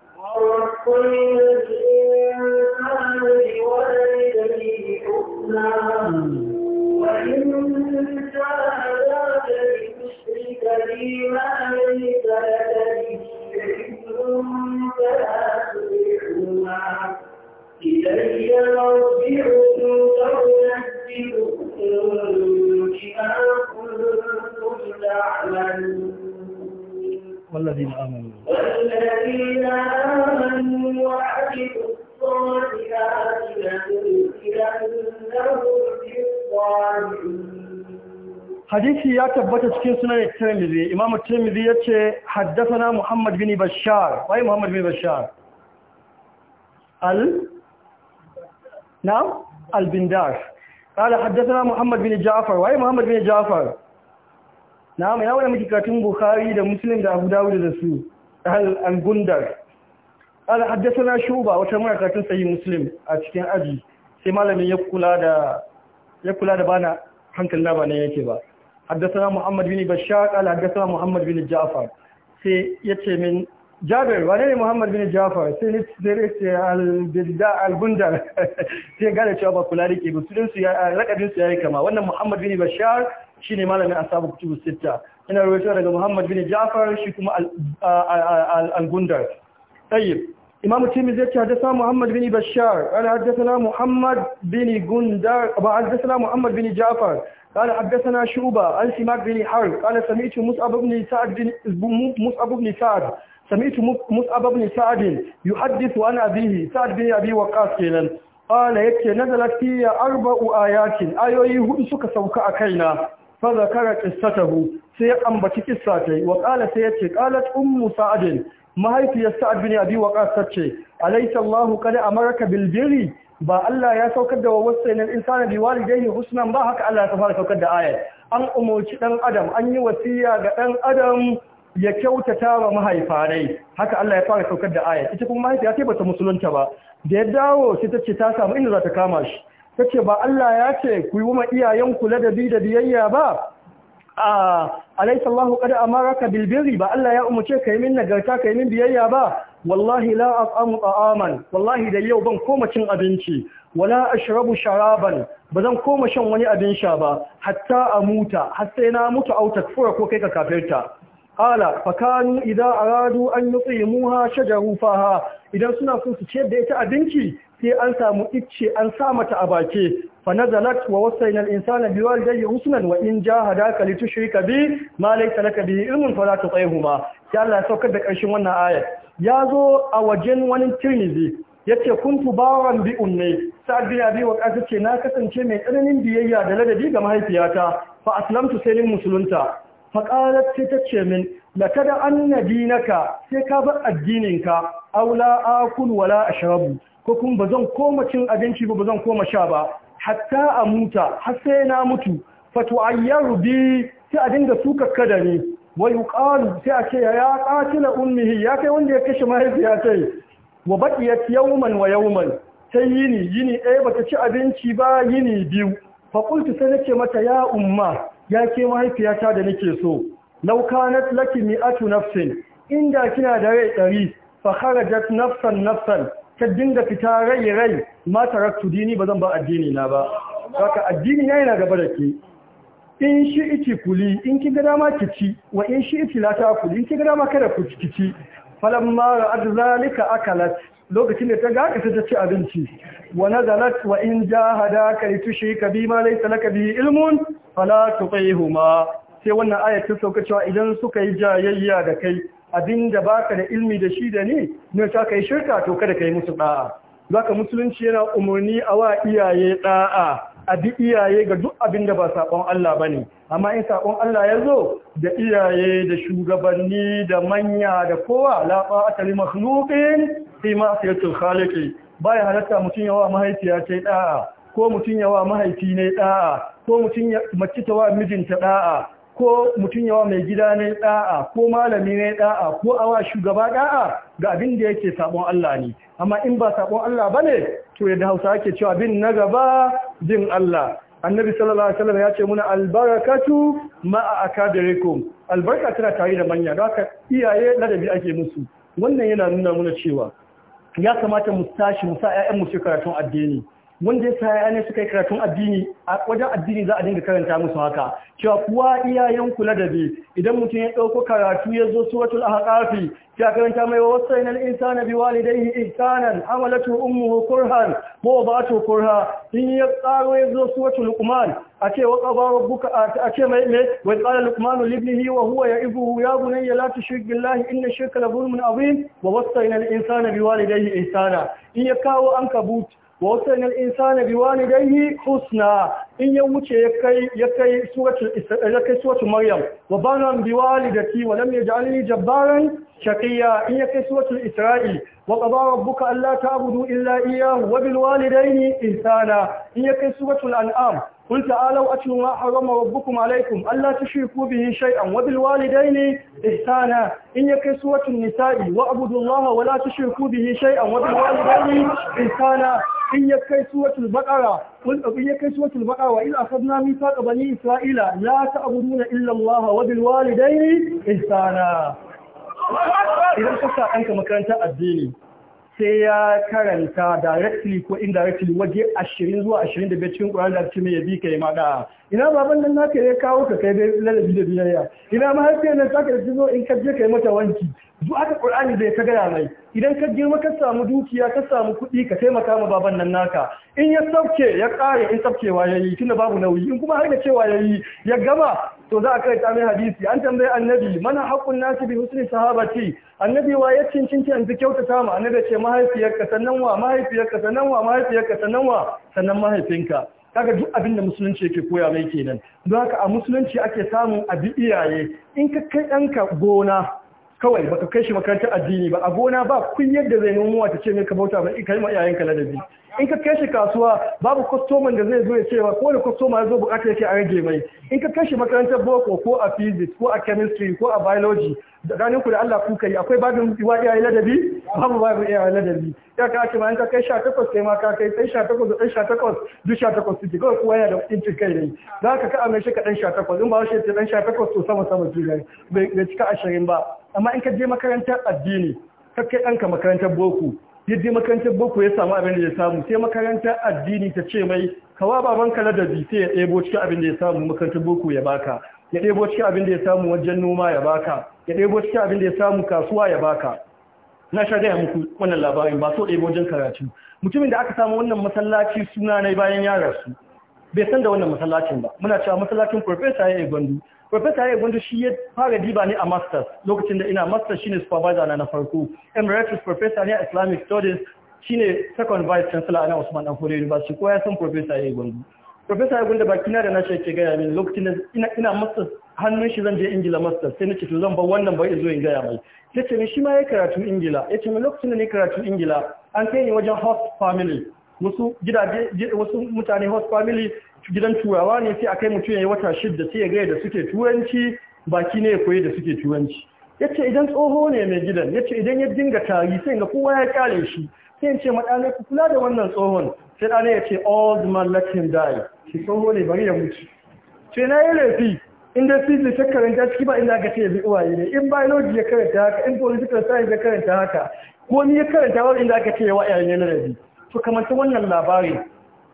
وإن hmm. تهتدي ما ليس لك به علم فلا تطعهما إلي مرجعكم فأنبئكم بما كنتم تعملون والذين آمنوا والذين آمنوا وعملوا الصالحات لنرسلنهم في hadisi ya tabbata cikin sunan tirmidhi imamu tirmidhi Haddasa na muhammad bin bashar wai muhammad bin bashar al na'am al-bindar قال حدثنا محمد bin ja'far واي محمد bin ja'far na'am ya wani miki katun bukhari da muslim da abu dawud da su al al-gundar Haddasa haddathana shuba wata mura katun sahih muslim a cikin aji sai malamin ya kula da ya kula da bana hankali na ba ne yake ba haddasa Muhammad bin Bashar qala haddasa Muhammad bin Ja'far sai yace min Jabir wane ne Muhammad bin Ja'far sai ni tsere ce al-Bidda al-Bundar sai gane cewa ba kula rike ba su su ya rakabin su yayi kama wannan Muhammad bin Bashar shine malamin ashabu kutubu sitta ina rawaito daga Muhammad bin Ja'far shi kuma al-Bundar tayyib ce الترمذي Muhammad bin Bashar. بشار قال Muhammad bin بن جندر حدثنا Muhammad bin Jafar. قال حدثنا شعبة عن سماك بن حرب قال سمعت مصعب بن سعد بن مصعب بن سعد سمعت مصعب بن سعد يحدث عن أبيه سعد بن أبي وقاص كينا قال يكي نزلت في أربع آيات آيوي هنسك سوك أكينا فذكر قصته سيأنبت قصته وقال سيأتي قالت أم سعد mahaifiyar sa'ad bin abi waqas tace alaysa allah kada amaraka bil birri ba Allah ya saukar da wasailin insana bi walidayhi husnan ba haka Allah ya fara saukar da ayat an umarci dan adam an yi wasiya ga dan adam ya kyautata wa mahaifa rai haka Allah ya fara saukar da ayat ita kuma ya ce ta musulunta ba da ya dawo sai ta ce ta samu inda za ta kama shi ta ce ba Allah ya ce ku yi wa iyayen kula da bi da biyayya ba a alaisallahu kada amaraka bilbiri ba Allah ya umarci ka yi min nagarta ka yi min biyayya ba wallahi la at'amu ta'aman wallahi da yau ban koma cin abinci wala ashrabu sharaban bazan koma shan wani abin sha ba hatta amuta har sai na mutu au takfura ko kai ka kafirta Ala fakanu idza aradu an yutimuha shajaru faha idan suna son su ciyar da ita abinci sai an samu icce an sa mata a bake fanazalat wa wasayna al-insana biwalidayhi husnan wa in jahadaka litushrika bi ma laysa laka bihi ilmun fala tuti'huma huma. Allah ya saukar da karshen wannan ayat ya zo a wajen wani tirnizi ya ce kuntu bawan bi'un ne sa'ad bi wa ƙasa ce na kasance mai tsananin biyayya da ladabi ga mahaifiyata fa aslamtu sai musulunta fa qalat ta ce min an anna dinaka sai ka bar addininka aula akul wala ashrabu ko kuma bazan koma cin abinci ba bazan koma sha ba hatta a muta har sai na mutu fa ayyaru bi sai a dinga suka kada ni wai yuqalu sai a ce ya qatila ummihi ya kai wanda ya kashe mahaifiya yi. wa baƙiyat yawman wa yawman sai yini yini ɗaya bata ci abinci ba yini biyu fa qultu sai nace mata ya umma ya ke mahaifiyata da nake so law kanat mi'atu nafsin inda kina da rai ɗari fa kharajat nafsan nafsan ta dinga fita rai rai ma taraktu dini ba zan ba addini na ba haka addini na yana gaba da ke in shi iti kuli in ki gada ma kici wa in shi iti lata kuli in ki gada ma kada ku kici falamma ra'ad zalika akalat lokacin da ta ga ka ta ci abinci wa nazalat wa in tushika bi ma laysa laka bi ilmun fala tuqihuma sai wannan ayat saukacewa sauka cewa idan suka yi jayayya da kai abinda baka da ilmi da shi da ni ne ta kai shirka to kada kai musu da'a zaka musulunci yana umarni a wa iyaye da'a a duk iyaye ga duk abin da ba saƙon Allah ba ne amma in saƙon Allah ya zo da iyaye da shugabanni da manya da kowa lafa a tari makhlukin sai ma sai tun khaliki ya halatta mutum yawa mahaifiya ce da'a ko mutum yawa mahaifi ne da'a ko mutum mace ta wa mijinta ɗa'a ko mutum yawa mai gida ne da'a ko malami ne da'a ko awa shugaba ɗa'a ga abin da yake saƙon Allah ne amma in ba saƙon Allah ba ne to yadda Hausa ake cewa bin na gaba bin Allah annabi sallallahu alaihi wasallam ya ce muna albarakatu ma'a akadirikum albarka tana tare da manya don haka iyaye ladabi ake musu wannan yana nuna muna cewa ya kamata mu tashi mu sa ƴaƴan mu karatun addini wanda ya sa ƴaƴan suka yi karatun addini a wajen addini za a dinga karanta musu haka cewa kuwa iyayen ku ladabi idan mutum ya ɗauko karatu ya zo suratul ahqafi karanta mai wasaina al-insana biwalidayhi ihsanan hamalatu ummuhu kurhan wa wada'atu kurha in ya tsaro ya zo suratul luqman a ce wa qaba rabbuka a ce mai mai wa qala luqman li ibnihi wa huwa ya'ibuhu ya bunayya la tushrik billahi inna shirka la zulmun azim wa wasaina al-insana biwalidayhi ihsana in ya kawo kabut. wa wasaina al-insana biwalidayhi husna in ya wuce ya kai suwacin maryam wa ba na biwali da ti wa lamye ji alini jabbaran shakiyya in ya kai suwacin isra'i wa ƙaba rabuka allah ta abudu illa iya wa bilwali da yini in ya kai suwacin al'am kun ta'alau a cikin ma'a rama alaikum allah ta shirku bihi shay'an wa bilwali da in ya kai suratun nisa'i wa abudu allah wa la ta shirku bihi shay'an wa bilwali in ya kai suratun baƙara والأبي يكسوة البقرة وإذ أخذنا ميثاق بني إسرائيل لا تعبدون إلا الله وبالوالدين إحسانا idan ka sa ɗanka makarantar addini sai ya karanta directly ko indirectly waje 20 zuwa 25 cikin ƙwararra da cikin ya bi ka yi maɗa ina baban nan naka ya kawo ka kai lalabi da biyayya ina mahaifiyar nan taka da zo in ka je ka yi mata wanki duk haka Qur'ani zai ka gaya mai idan ka girma ka samu dukiya ka samu kuɗi ka taimaka ma baban nan naka in ya sauke ya ƙare in saukewa yayi tunda babu nauyi in kuma har da cewa ya yi ya gama to za a kai ta mai hadisi an tambayi annabi mana haqqun nasi bi husni sahabati annabi wa ya cin cinci yanzu kyauta sama annabi ce mahaifiyarka sannan wa mahaifiyarka sannan wa mahaifiyarka sannan wa sannan mahaifinka kaga duk abin da musulunci yake koya mai kenan don haka a musulunci ake samun abi iyaye in ka kai ɗanka gona kawai baka kai shi makarantar addini ba a gona ba kun yadda zai nomo ta ce mai ka bauta mai kai ma iyayen ka ladabi in ka kai shi kasuwa babu kwastoman da zai zo ya cewa ko da kwastoma ya zo bukata yake a rage mai in ka kai shi makarantar boko ko a physics ko a chemistry ko a biology da ganin ku da Allah ku kai akwai babin iwa iyaye ladabi babu babin iyaye ladabi ya ka ce ma in ka kai 18 kai ma ka kai sai 18 da 18 duk 18 suke kawai kuwa yana da incin kai ne za ka ka amince ka dan 18 in ba shi dan 18 to sama sama jiya bai cika 20 ba amma in ka je makarantar addini ka kai ɗanka makarantar boko yadda makarantar boko ya samu abin da ya samu sai makarantar addini ta ce mai kawa babanka ladabi sai ya ɗebo cikin abin da ya samu makarantar boko ya baka ya ɗebo cikin abin da ya samu wajen noma ya baka ya ɗebo cikin abin da ya samu kasuwa ya baka na sha gaya muku wannan labarin ba so ɗebo wajen karatu mutumin da aka samu wannan masallaci suna na bayan ya rasu bai san da wannan masallacin ba muna cewa masallacin farfesa ya yi gwandu Professor ya gundu shi ya fara diba ne a masters lokacin da ina masters shine supervisor na na farko. Emeritus Professor ne a Islamic Studies shine second vice chancellor na Usman Dan University ko ya san Professor ya gundu. Professor ya gundu bakina da na shi ke gaya min lokacin da ina ina masters hannun shi zan je Ingila masters sai nace to zan bar wannan bai zo in gaya mai. Yace min shi ma ya karatu Ingila ya ce lokacin da ne karatu Ingila an kai ni wajen host family wasu gidaje wasu mutane host family gidan turawa ne sai a kai mutum ya yi wata shidda sai ya gaya da suke turanci baki ne ya koyi da suke turanci ya ce idan tsoho ne mai gidan ya ce idan ya dinga tari sai ga kowa ya kare shi sai ya ce maɗane ku kula da wannan tsohon sai ɗane ya ce old man let him die shi tsoho ne bari ya mutu ce na yi laifi in da fizi ta karanta ciki ba ina aka ce bi uwaye ne in biology ya karanta haka in political science ya karanta haka ko ni ya karanta wani inda aka ce ne na rabi to kamar ta wannan labarin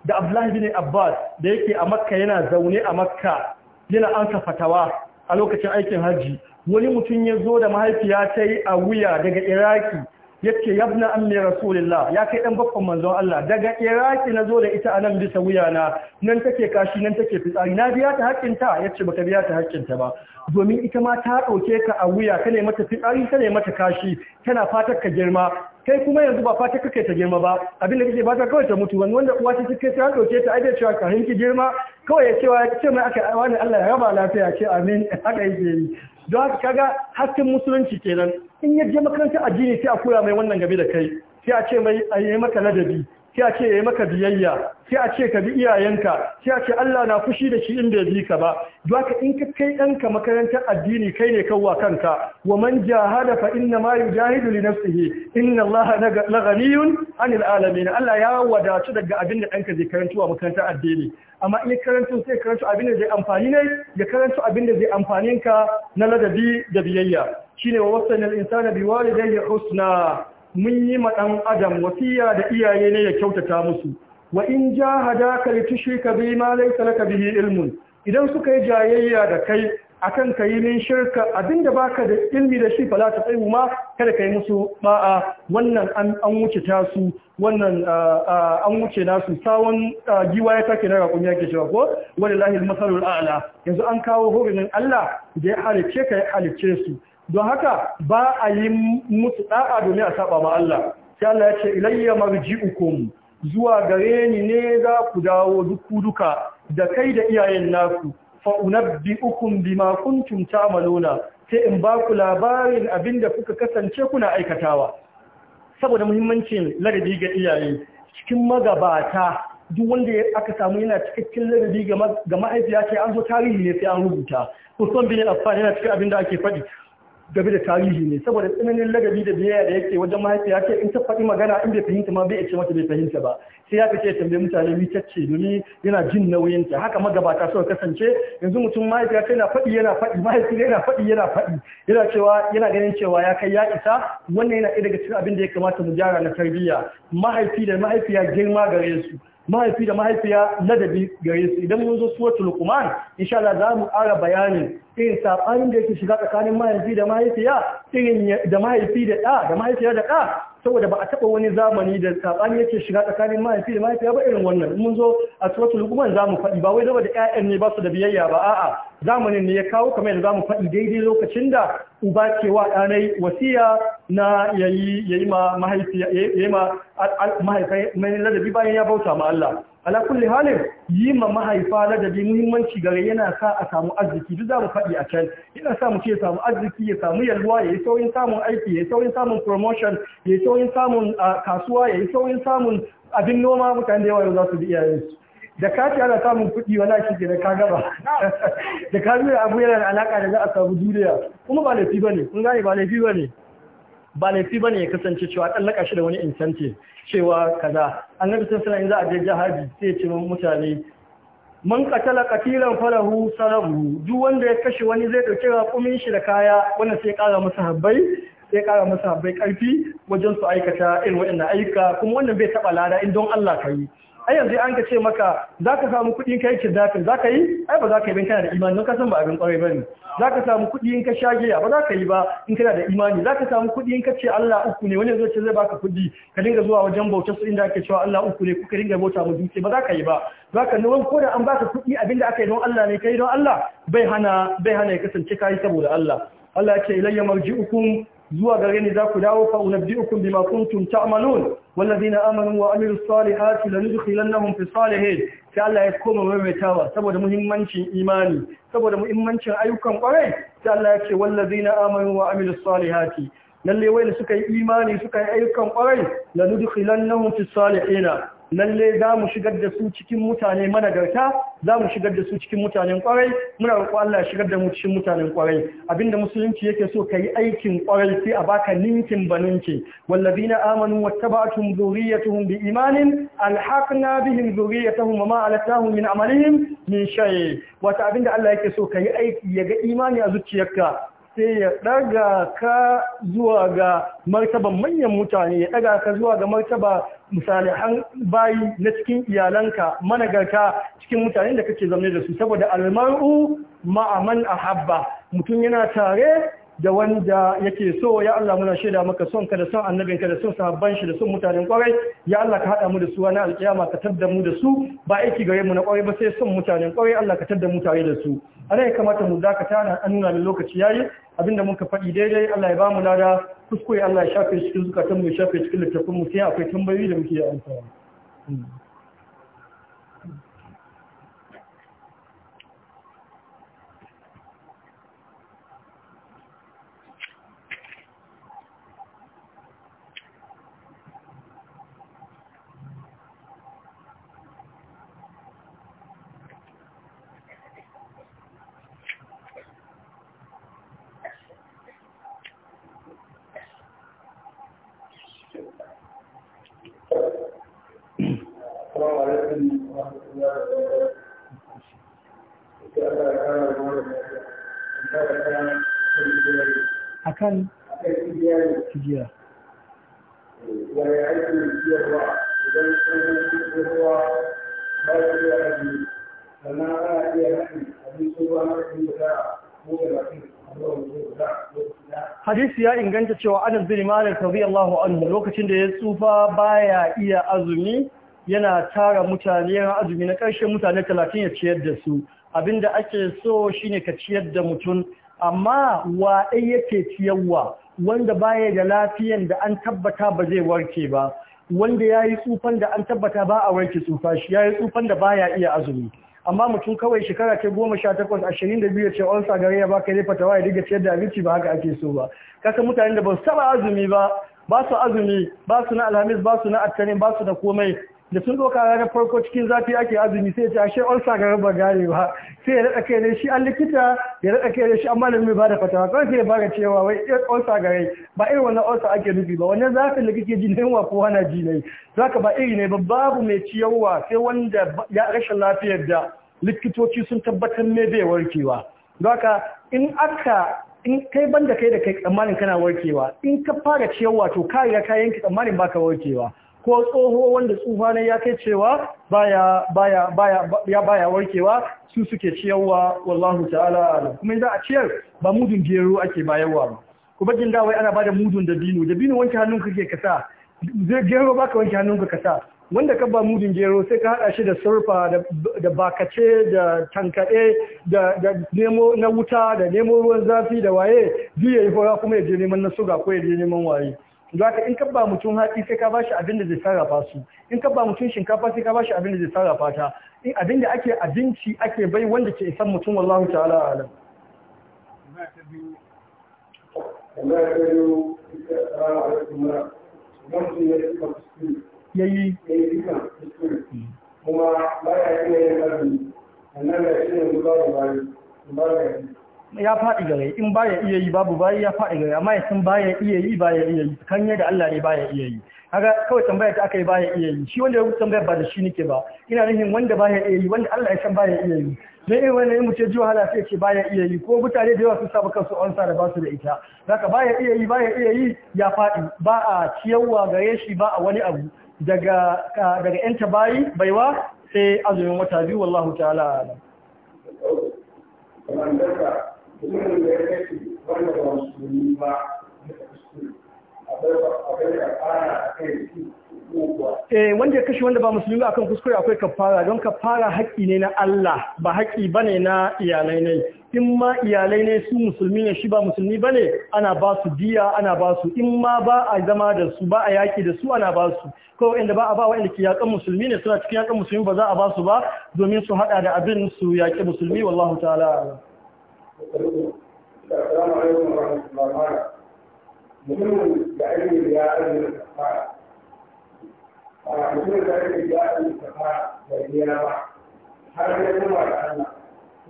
da abdullahi bin abbas da yake a makka yana zaune a makka yana ansa fatawa a lokacin aikin hajji wani mutum ya zo da mahaifiya ta yi a wuya daga iraki ya ce yabna ammi rasulillah ya kai dan bakon manzon Allah daga iraki na zo da ita anan bisa wuya na nan take kashi nan take fitsari na biya ta hakkin ya ce baka biya ta ta ba domin ita ma ta ɗauke ka a wuya ka ne mata fitsari ka ne mata kashi tana fatar ka girma kai kuma yanzu ba fata kake ta girma ba abinda kake fata kawai ta mutu wani wanda uwa ce kike ta dauke ta aje cewa ka hinki girma kawai ya cewa ce mai aka wani Allah ya raba lafiya ce amin haka yake yi don haka kaga hasken musulunci kenan in ya je makarantar addini sai a koya mai wannan gabi da kai sai a ce mai a yi maka ladabi sai a ce ya yi maka biyayya sai a ce ka bi iyayenka sai a ce Allah na fushi da shi in bai bi ka ba haka in ka kai ɗanka makarantar addini kai ne kawwa kanka wa man jahada fa inna ma yujahidu li nafsihi inna Allah la ghaniyun anil alamin Allah ya wadatu daga abin da ɗanka zai karantuwa makarantar addini amma in karanta sai karantu abin da zai amfani ne ya karanta abin da zai amfanin ka na ladabi da biyayya shine wa wasanil insana biwalidayhi husna mun yi maɗan adam wasiya da iyaye ne ya kyautata musu wa in jahadaka litushrika bi ma laysa laka bihi ilmun idan suka yi jayayya da kai akan kayi min shirka abinda baka da ilmi da shi fala ta tsayu ma kada kai musu ba'a wannan an wuce tasu wannan an wuce nasu sawon giwa ya take na rakun yake cewa ko wallahi al-masalul a'la yanzu an kawo hurumin Allah da ya halice ka ya halice su don haka ba a yi musu ɗa'a domin a saba ma Allah sai Allah ya ce ilayya ukun zuwa gare ni ne za ku dawo duku duka da kai da iyayen naku fa unabbi'ukum bima kuntum malona sai in ba ku labarin abin da kuka kasance kuna aikatawa saboda muhimmancin ladabi ga iyaye cikin magabata duk wanda aka samu yana cikakken ladabi ga mahaifiya ce an zo tarihi ne sai an rubuta Usman bin Affan yana cikin abin da ake faɗi game da tarihi ne saboda tsananin lagabi da biyayya da yake wajen ya ce in ta faɗi magana in bai fahimta ma bai ce mata bai fahimta ba sai ya fice tambayi mutane ni tacce domin yana jin nauyin ta haka magabata suka kasance yanzu mutum ya ce na faɗi yana faɗi mahaifi yana faɗi yana faɗi yana cewa yana ganin cewa ya kai ya isa wannan yana ɗaya daga cikin abin da ya kamata mu gyara na tarbiyya mahaifi da mahaifiya girma gare su mahaifi da mahaifiya ladabi gare su idan mun zo suwatul luqman insha Allah za mu ƙara bayanin irin sabanin da yake shiga tsakanin mahaifi da mahaifiya irin da mahaifi da da da mahaifiya da da saboda ba a taba wani zamani da sabani yake shiga tsakanin mahaifi da mahaifiya ba irin wannan mun zo a suratul za zamu faɗi ba wai zama da ƴaƴan ne ba su da biyayya ba a'a zamanin ne ya kawo kamar yadda zamu faɗi daidai lokacin da uba ke wa ɗanai wasiya na yayi ma mahaifiya yayi ma mahaifai mai ladabi bayan ya bauta ma Allah ala kulli halin yi ma mahaifa ladabi muhimmanci gare yana sa a samu arziki duk zamu faɗi a can yana sa mu ce samu arziki ya samu yalwa ya yi sauyin samun aiki ya yi sauyin samun promotion ya yi sauyin samun kasuwa ya yi sauyin samun abin noma mutane da yawa yau za su bi iyayensu da ka ce ana samun kuɗi wala shi ke da ka gaba da ka zuwa abu yana da alaƙa da za a samu duniya kuma ba laifi ba ne kun gane ba laifi ba ne ba laifi ba ne ya kasance cewa tsallaka shi da wani incentive cewa kaza an gabi sun in za a je jihadi sai ce mutane man katala katilan falahu sarabu duk wanda ya kashe wani zai dauke rakumin shi da kaya wannan sai kara masa habbai sai kara masa habbai karfi wajen su aikata irin waɗannan ayyuka kuma wannan bai taɓa lada in don Allah ka yi A yanzu an ka ce maka za ka samu kuɗi kai kidnapping za ka yi ai ba za ka yi kana da imani don ka san ba abin kwarai ba ne za ka samu kuɗi in ka shage ba za ka yi ba in kana da imani za ka samu kuɗi in ka ce Allah uku ne wani zai ce zai baka kuɗi ka dinga zuwa wajen bauta su inda ake cewa Allah uku ne kuka dinga bauta mu dutse ba za ka yi ba za ka nuna ko da an baka kuɗi abinda aka yi don Allah ne kai don Allah bai hana bai hana ya kasance kai saboda Allah Allah ya ce ilayya marji'ukum zuwa gare ni za ku dawo fa unabbi'ukum bima kuntum ta'malun والذين آمنوا وعملوا الصالحات لندخلنهم في الصالحين sai Allah ya koma maimaitawa saboda muhimmancin imani saboda muhimmancin ayyukan kwarai sai Allah ya ce wallazina amanu wa amilus salihati lalle wayanda suka yi imani suka yi ayyukan kwarai lanudkhilannahum fis salihina lalle za mu shigar da su cikin mutane managarta za mu shigar da su cikin mutanen kwarai muna roƙo Allah shigar da mu cikin mutanen kwarai abinda musulunci yake so kai aikin kwarai sai a baka ninkin baninki wallazina amanu wattaba'tum dhurriyyatuhum biimanin alhaqna bihim dhurriyyatahum wama alatahum min amalihim min shay wata abinda Allah yake so kai aiki ya ga imani a zuciyarka sai ya ɗaga ka zuwa ga martaban manyan mutane ya ɗaga ka zuwa ga martaba misali, misalihan bayi na cikin iyalanka managarta cikin mutanen da kake zaune da su saboda almaru ma'aman ahabba mutum yana tare da wanda yake so ya Allah muna shaida maka son ka da son annabinka da son sahabban shi da son mutanen kwarai ya Allah ka hada mu da su wani alkiyama ka tadda mu da su ba aiki gare mu na kwarai ba sai son mutanen kwarai Allah ka tadda mu tare da su ana ya kamata mu dakata na an nuna lokaci yayi abinda muka faɗi daidai Allah ya ba mu lada kuskure Allah ya shafe cikin zukatan mu ya shafe cikin littafin mu sai akwai tambayoyi da muke yi amfani a kan hadisi ya inganta cewa anas bin malik radiyallahu anhu lokacin da ya tsufa baya iya azumi yana tara mutane yana azumi na ƙarshe mutane talatin ya ciyar da su abinda ake so shine ka ciyar da mutum amma wa ɗai yake ciyarwa wanda baya da lafiyan da an tabbata ba zai warke ba wanda ya yi tsufan da an tabbata ba a warke tsufa shi ya yi tsufan da baya iya azumi amma mutum kawai shekara ta goma sha takwas ashirin da biyu ce on sagari ya baka zai fatawa ya diga ciyar da abinci ba haka ake so ba kasa mutane da ba su taɓa azumi ba ba su azumi ba su na alhamis ba su na attanin ba su da komai da sun zoka kara farko cikin zafi ake azumi sai ta ashe ulsa ga raba garewa sai ya rada kai ne shi an likita ya rada kai ne shi an malami ba da fatawa kawai sai ya fara cewa wai ulsa ga rai ba irin wannan ulsa ake nufi ba wannan zafin da kake ji na yunwa ko hana ji ne zaka ba iri ne ba babu mai ciyarwa sai wanda ya rashin lafiyar da likitoci sun tabbatar me bai warkewa zaka in aka in kai banda kai da kai tsammanin kana warkewa in ka fara ciyarwa to kariya ka yanke tsammanin baka warkewa ko tsoho wanda tsufa ne ya kai cewa baya baya ya baya warkewa su suke ciyarwa wallahu ta'ala kuma za a ciyar ba mudun gero ake bayarwa ba ku bakin dawai ana bada mudun da binu da binu wanke hannun kake kasa zai gero baka wanke hannun ka kasa wanda ka ba mudun gero sai ka hada shi da surfa da bakace da tankade da nemo na wuta da nemo ruwan zafi da waye duk yayi fara kuma ya je neman na suga ko ya je neman waye zaka in ka ba mutum hatsi sai ka bashi abin da zai sarrafa su in ka mutum shinkafa sai ka bashi abin da zai sarrafa ta in abin da ake abinci ake bai wanda ke isan mutum wallahu ta'ala alam yayi kuma ba ya shi ne da ba ya faɗi gare in baya iya yi babu bayi ya faɗi gare amma ya san baya iya yi baya iya yi kan yadda Allah ne baya iya yi kaga kawai tambayar da aka yi baya iya yi shi wanda ya rubuta tambayar ba da shi nake ba ina nufin wanda baya iya yi wanda Allah ya san baya iya yi dan irin wannan mu ce ji wahala sai ce baya iya yi ko mutane da yawa sun saba kansu ansa da basu da ita zaka baya iya yi baya iya yi ya faɗi ba a ciyarwa gare shi ba a wani abu daga daga yanta bayi baiwa sai azumin wata biyu wallahu ta'ala da ya kashe wanda ba musulmi ba Eh wanda ya kashe wanda ba musulmi akan kuskure akwai kafara don kafara haƙƙi ne na Allah ba haƙƙi bane na iyalai ne in ma iyalai ne su musulmi ne shi ba musulmi bane ana ba su diya ana ba su in ma ba a zama da su ba a yaƙi da su ana ba su ko inda ba a ba wanda ke yaƙan musulmi ne suna cikin yaƙan musulmi ba za a ba su ba domin su haɗa da abin su yaƙi musulmi wallahu ta'ala السلام عليكم ورحمة الله وبركاته مهم تعليم الجاهل من الكفارة مهم تعليم الجاهل من الكفارة والديانة هذا يجمع الأمة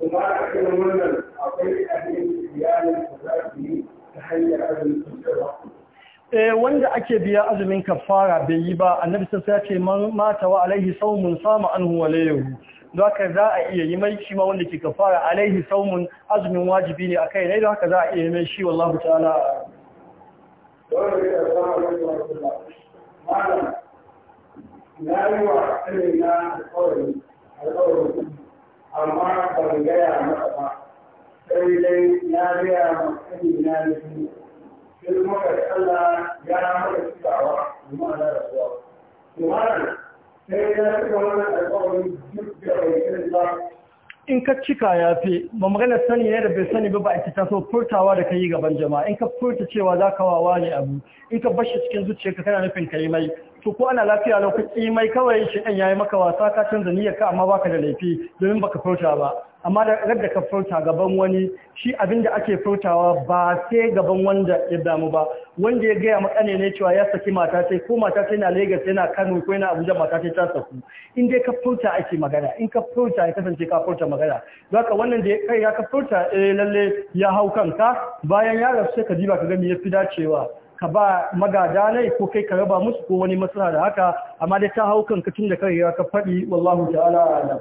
وما أكل من أقل أهل الديانة الكفارة تحيي أهل الكفارة wanda ake biya azumin kafara bai yi ba annabi sai ya ce mata wa alaihi sawmun sama anhu wa layhu Zaka za a iya yi mai shi ma wanda ke kafara alaihi saumun azumin wajibi ne a kai ne don haka za a iya yi mai shi wallahu ta'ala na yi wa irin na alƙawarin alƙawarin amma ban gaya masa ba sai dai ya na gaya masu na nufi sai kuma ka Allah ya mata cikawa kuma na rasuwa. Tumarar in ka cika ya fi ba magana sani ne da bai sani ba ba a kita so furtawa da kai gaban jama'a in ka furta cewa za ka wawa ne abu in ka bashi cikin zuciyarka kana nufin ka mai to ko ana lafiya lokacin mai kawai shi ɗan yayi maka wasa ka canza niyyar ka amma baka da laifi domin baka furta ba amma da da ka furta gaban wani shi abin da ake furtawa ba sai gaban wanda ya damu ba wanda ya gaya maka ne cewa ya saki mata sai ko mata sai na Lagos yana Kano ko yana Abuja mata sai ta saku in dai ka furta ake magana in ka furta ya kasance ka furta magana zaka wannan da kai ya ka furta eh lalle ya hau kanka bayan ya rasu sai ka diba ka gani ya fi dacewa ka ba magada ne ko kai ka raba musu ko wani maslaha da haka amma dai ta hau kanka tun da kai ka faɗi wallahu ta'ala alam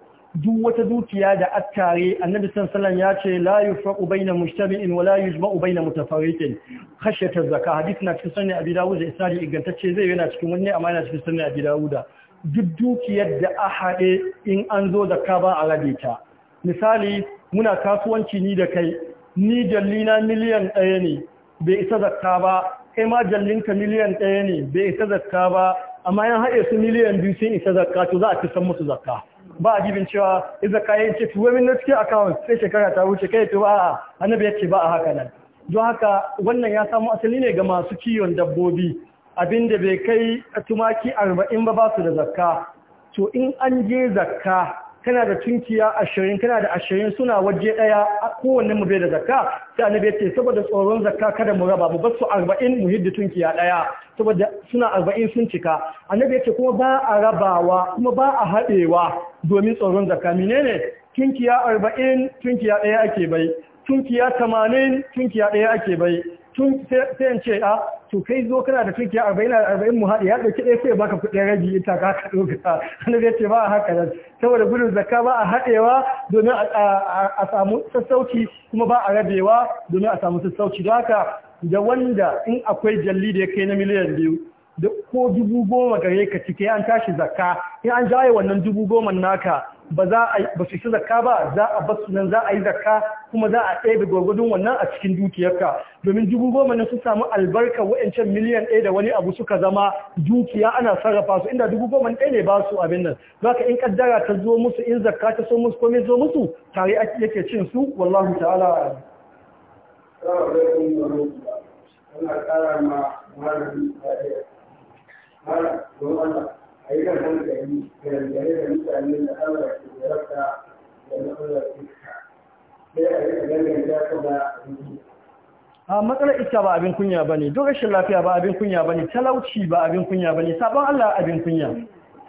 duk wata dukiya da attare annabi sallallahu ya ce la yufraqu baina mujtami'in wa la yujma'u baina mutafarriqin khashyata zakah hadith na cikin sunan abi dawud da ingantacce zai yana cikin wani amma yana cikin sunan abi dawud duk dukiyar da ahade in an zo zakka ba a rage ta misali muna kasuwanci ni da kai ni jallina miliyan ɗaya ne bai isa zakka ba kai ma jallinka miliyan ɗaya ne bai isa zakka ba amma yan haɗe su miliyan biyu sun isa zakka to za a fi san musu zakka ba a gibin cewa iza kayan ce tuwa min na cikin account sai shekara ta wuce kai tuwa a annabi ya ce ba a haka nan don haka wannan ya samu asali ne ga masu kiwon dabbobi abinda bai kai tumaki arba'in ba ba su da zakka to in an je zakka kana da tunkiya ashirin kana da ashirin suna waje ɗaya kowanne mu bai da zakka sai annabi ya ce saboda tsoron zakka kada mu raba mu bar su arba'in mu hidda tunkiya ɗaya saboda suna arba'in sun cika annabi ya ce kuma ba a rabawa kuma ba a haɗewa domin tsoron zakka menene tunkiya arba'in tunkiya ɗaya ake bai tunkiya tamanin tunkiya ɗaya ake bai tun sai ce a ah, to kai zo kana da tunkiya arba'in da arba'in mu haɗe ya ɗauki ɗaya sai baka kuɗin ragi ita ka haka ɗauka wani zai ce ba a haka nan saboda gudun zakka ba a haɗewa domin a samu sassauci kuma ba a rabewa domin a samu sassauci don haka da wanda in akwai jalli da ya kai na miliyan biyu ko dubu goma gare ka cike an tashi zakka in an jaye wannan dubu goma naka ba za a ba su zakka ba za a basu nan za a yi zakka kuma za a ɗaya da gwargwadon wannan a cikin dukiyarka domin dubu goma ne su samu albarka wa'ancan miliyan ɗaya da wani abu suka zama dukiya ana sarrafa su inda dubu goma ɗaya ne ba su abin nan zaka in kaddara ta zo musu in zakka ta so musu komai zo musu tare yake cin su wallahu ta'ala ƙara ma malamin ta a yi hankali dangane da mutane da Allah ke jarabta da matsalar iska sai a yi danganta ta da a matsalar Ita ba abin kunya ba ne duk rashin lafiya ba abin kunya ba ne talauci ba abin kunya ba ne sabon Allah abin kunya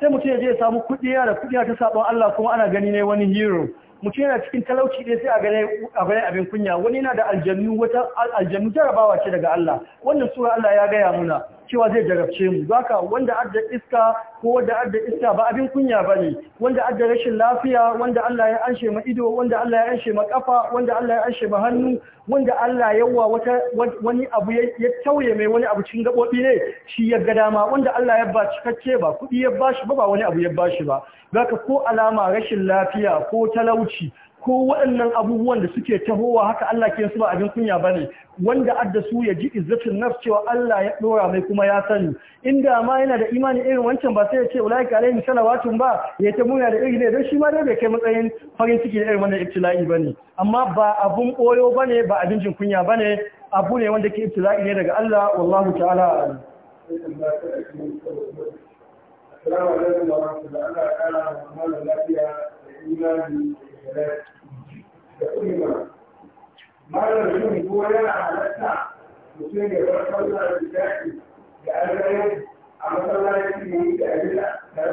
sai mutum ya je ya samu kuɗi ya da kuɗi ta sabon Allah kuma ana gani ne wani hero mutum yana cikin talauci ne sai a gane abin kunya wani yana da aljannu wata aljannu jarabawa ce daga Allah wannan sura Allah ya gaya muna cewa zai jarabce mu zaka wanda adda iska ko wanda adda iska ba abin kunya ne wanda adda rashin lafiya wanda Allah ya anshe ma ido wanda Allah ya anshe ma kafa wanda Allah ya anshe ma hannu wanda Allah yawa wata wani abu ya tauye mai wani abu cikin gabobi ne shi ya ga dama wanda Allah ya ba cikakke ba kudi ya bashi ba ba wani abu ya bashi ba zaka ko alama rashin lafiya ko talauci ko waɗannan abubuwan da suke tahowa haka Allah ke su ba abin kunya ba ne wanda adda su ya ji izzatin nafs cewa Allah ya ɗora mai kuma ya sani inda ma yana da imani irin wancan ba sai ya ce ulai ka alaihi salawatun ba ya ta muna da irin ne don shi ma dai bai kai matsayin farin ciki da irin wannan ibtila'i ne. amma ba abun ba ne, ba abin jin kunya ne, abu ne wanda ke ibtila'i ne daga Allah wallahu ta'ala Assalamu alaikum wa rahmatullahi wa Allah ya kara mana lafiya da da ah, ulima ko yana sallar da a ne tare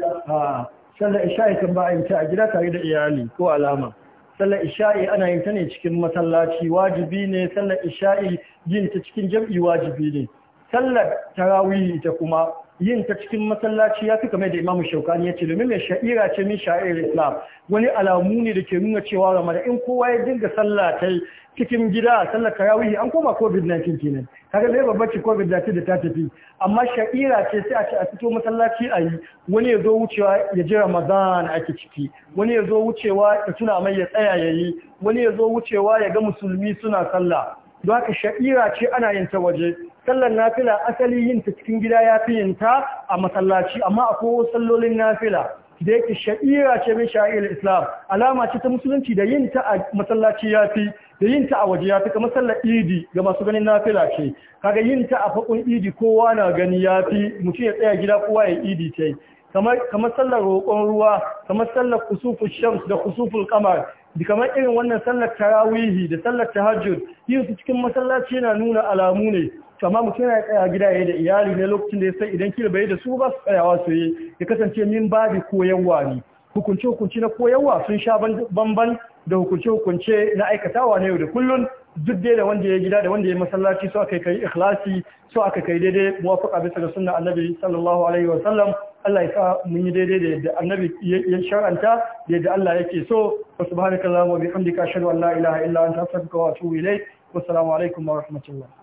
da sallar isha'i kan ba a yin ta a gida tare da iyali ko alama sallar isha'i ana yin ta ne cikin masallaci wajibi ne sallar isha'i yin ta cikin jam'i wajibi ne sallar tarawih ita kuma yin ta cikin masallaci ya fi kamar da imamu shaukani ya ce domin mai sha'ira ce min sha'ir islam wani alamu ne da ke nuna cewa ramada in kowa ya dinga sallah ta cikin gida sallar karawihi an koma covid-19 kenan kaga zai babbaci covid-19 da ta tafi amma sha'ira ce sai a ce a fito masallaci a yi wani ya zo wucewa ya ji ramadan ake ciki wani ya zo wucewa ya tuna mai ya tsaya ya yi wani ya zo wucewa ya ga musulmi suna sallah don haka sha'ira ce ana yin ta waje sallar nafila asali yin ta cikin gida ya fi yin ta a masallaci amma akwai sallolin nafila da yake sha'ira ce mai sha'ir islam alama ce ta musulunci da yin ta a masallaci ya fi da yin ta a waje ya fi kamar sallar idi ga masu ganin nafila ce kaga yin ta a faɗin idi kowa na gani ya fi mutum ya tsaya gida kowa ya idi ta kamar sallar roƙon ruwa kamar sallar kusufu shams da kusufun kamar da kamar irin wannan sallar tarawihi da sallar tahajjud yin su cikin masallaci yana nuna alamu ne to amma mutum yana tsaya gida da iyali ne lokacin da ya san idan kila bai da su ba su tsayawa su yi ya kasance min babi koyarwa ne hukunce hukunce na koyarwa sun sha bamban da hukunce hukunce na aikatawa na yau da kullun duk dai da wanda ya gida da wanda ya masallaci so aka kai ikhlasi so aka kai daidai muwafaqa bisa ga sunna annabi sallallahu alaihi wa sallam Allah ya sa mun yi daidai da yadda annabi ya shar'anta da yadda Allah yake so wa subhanaka allahumma wa bihamdika ashhadu an la ilaha illa anta astaghfiruka wa atubu ilayk wa assalamu alaikum wa rahmatullah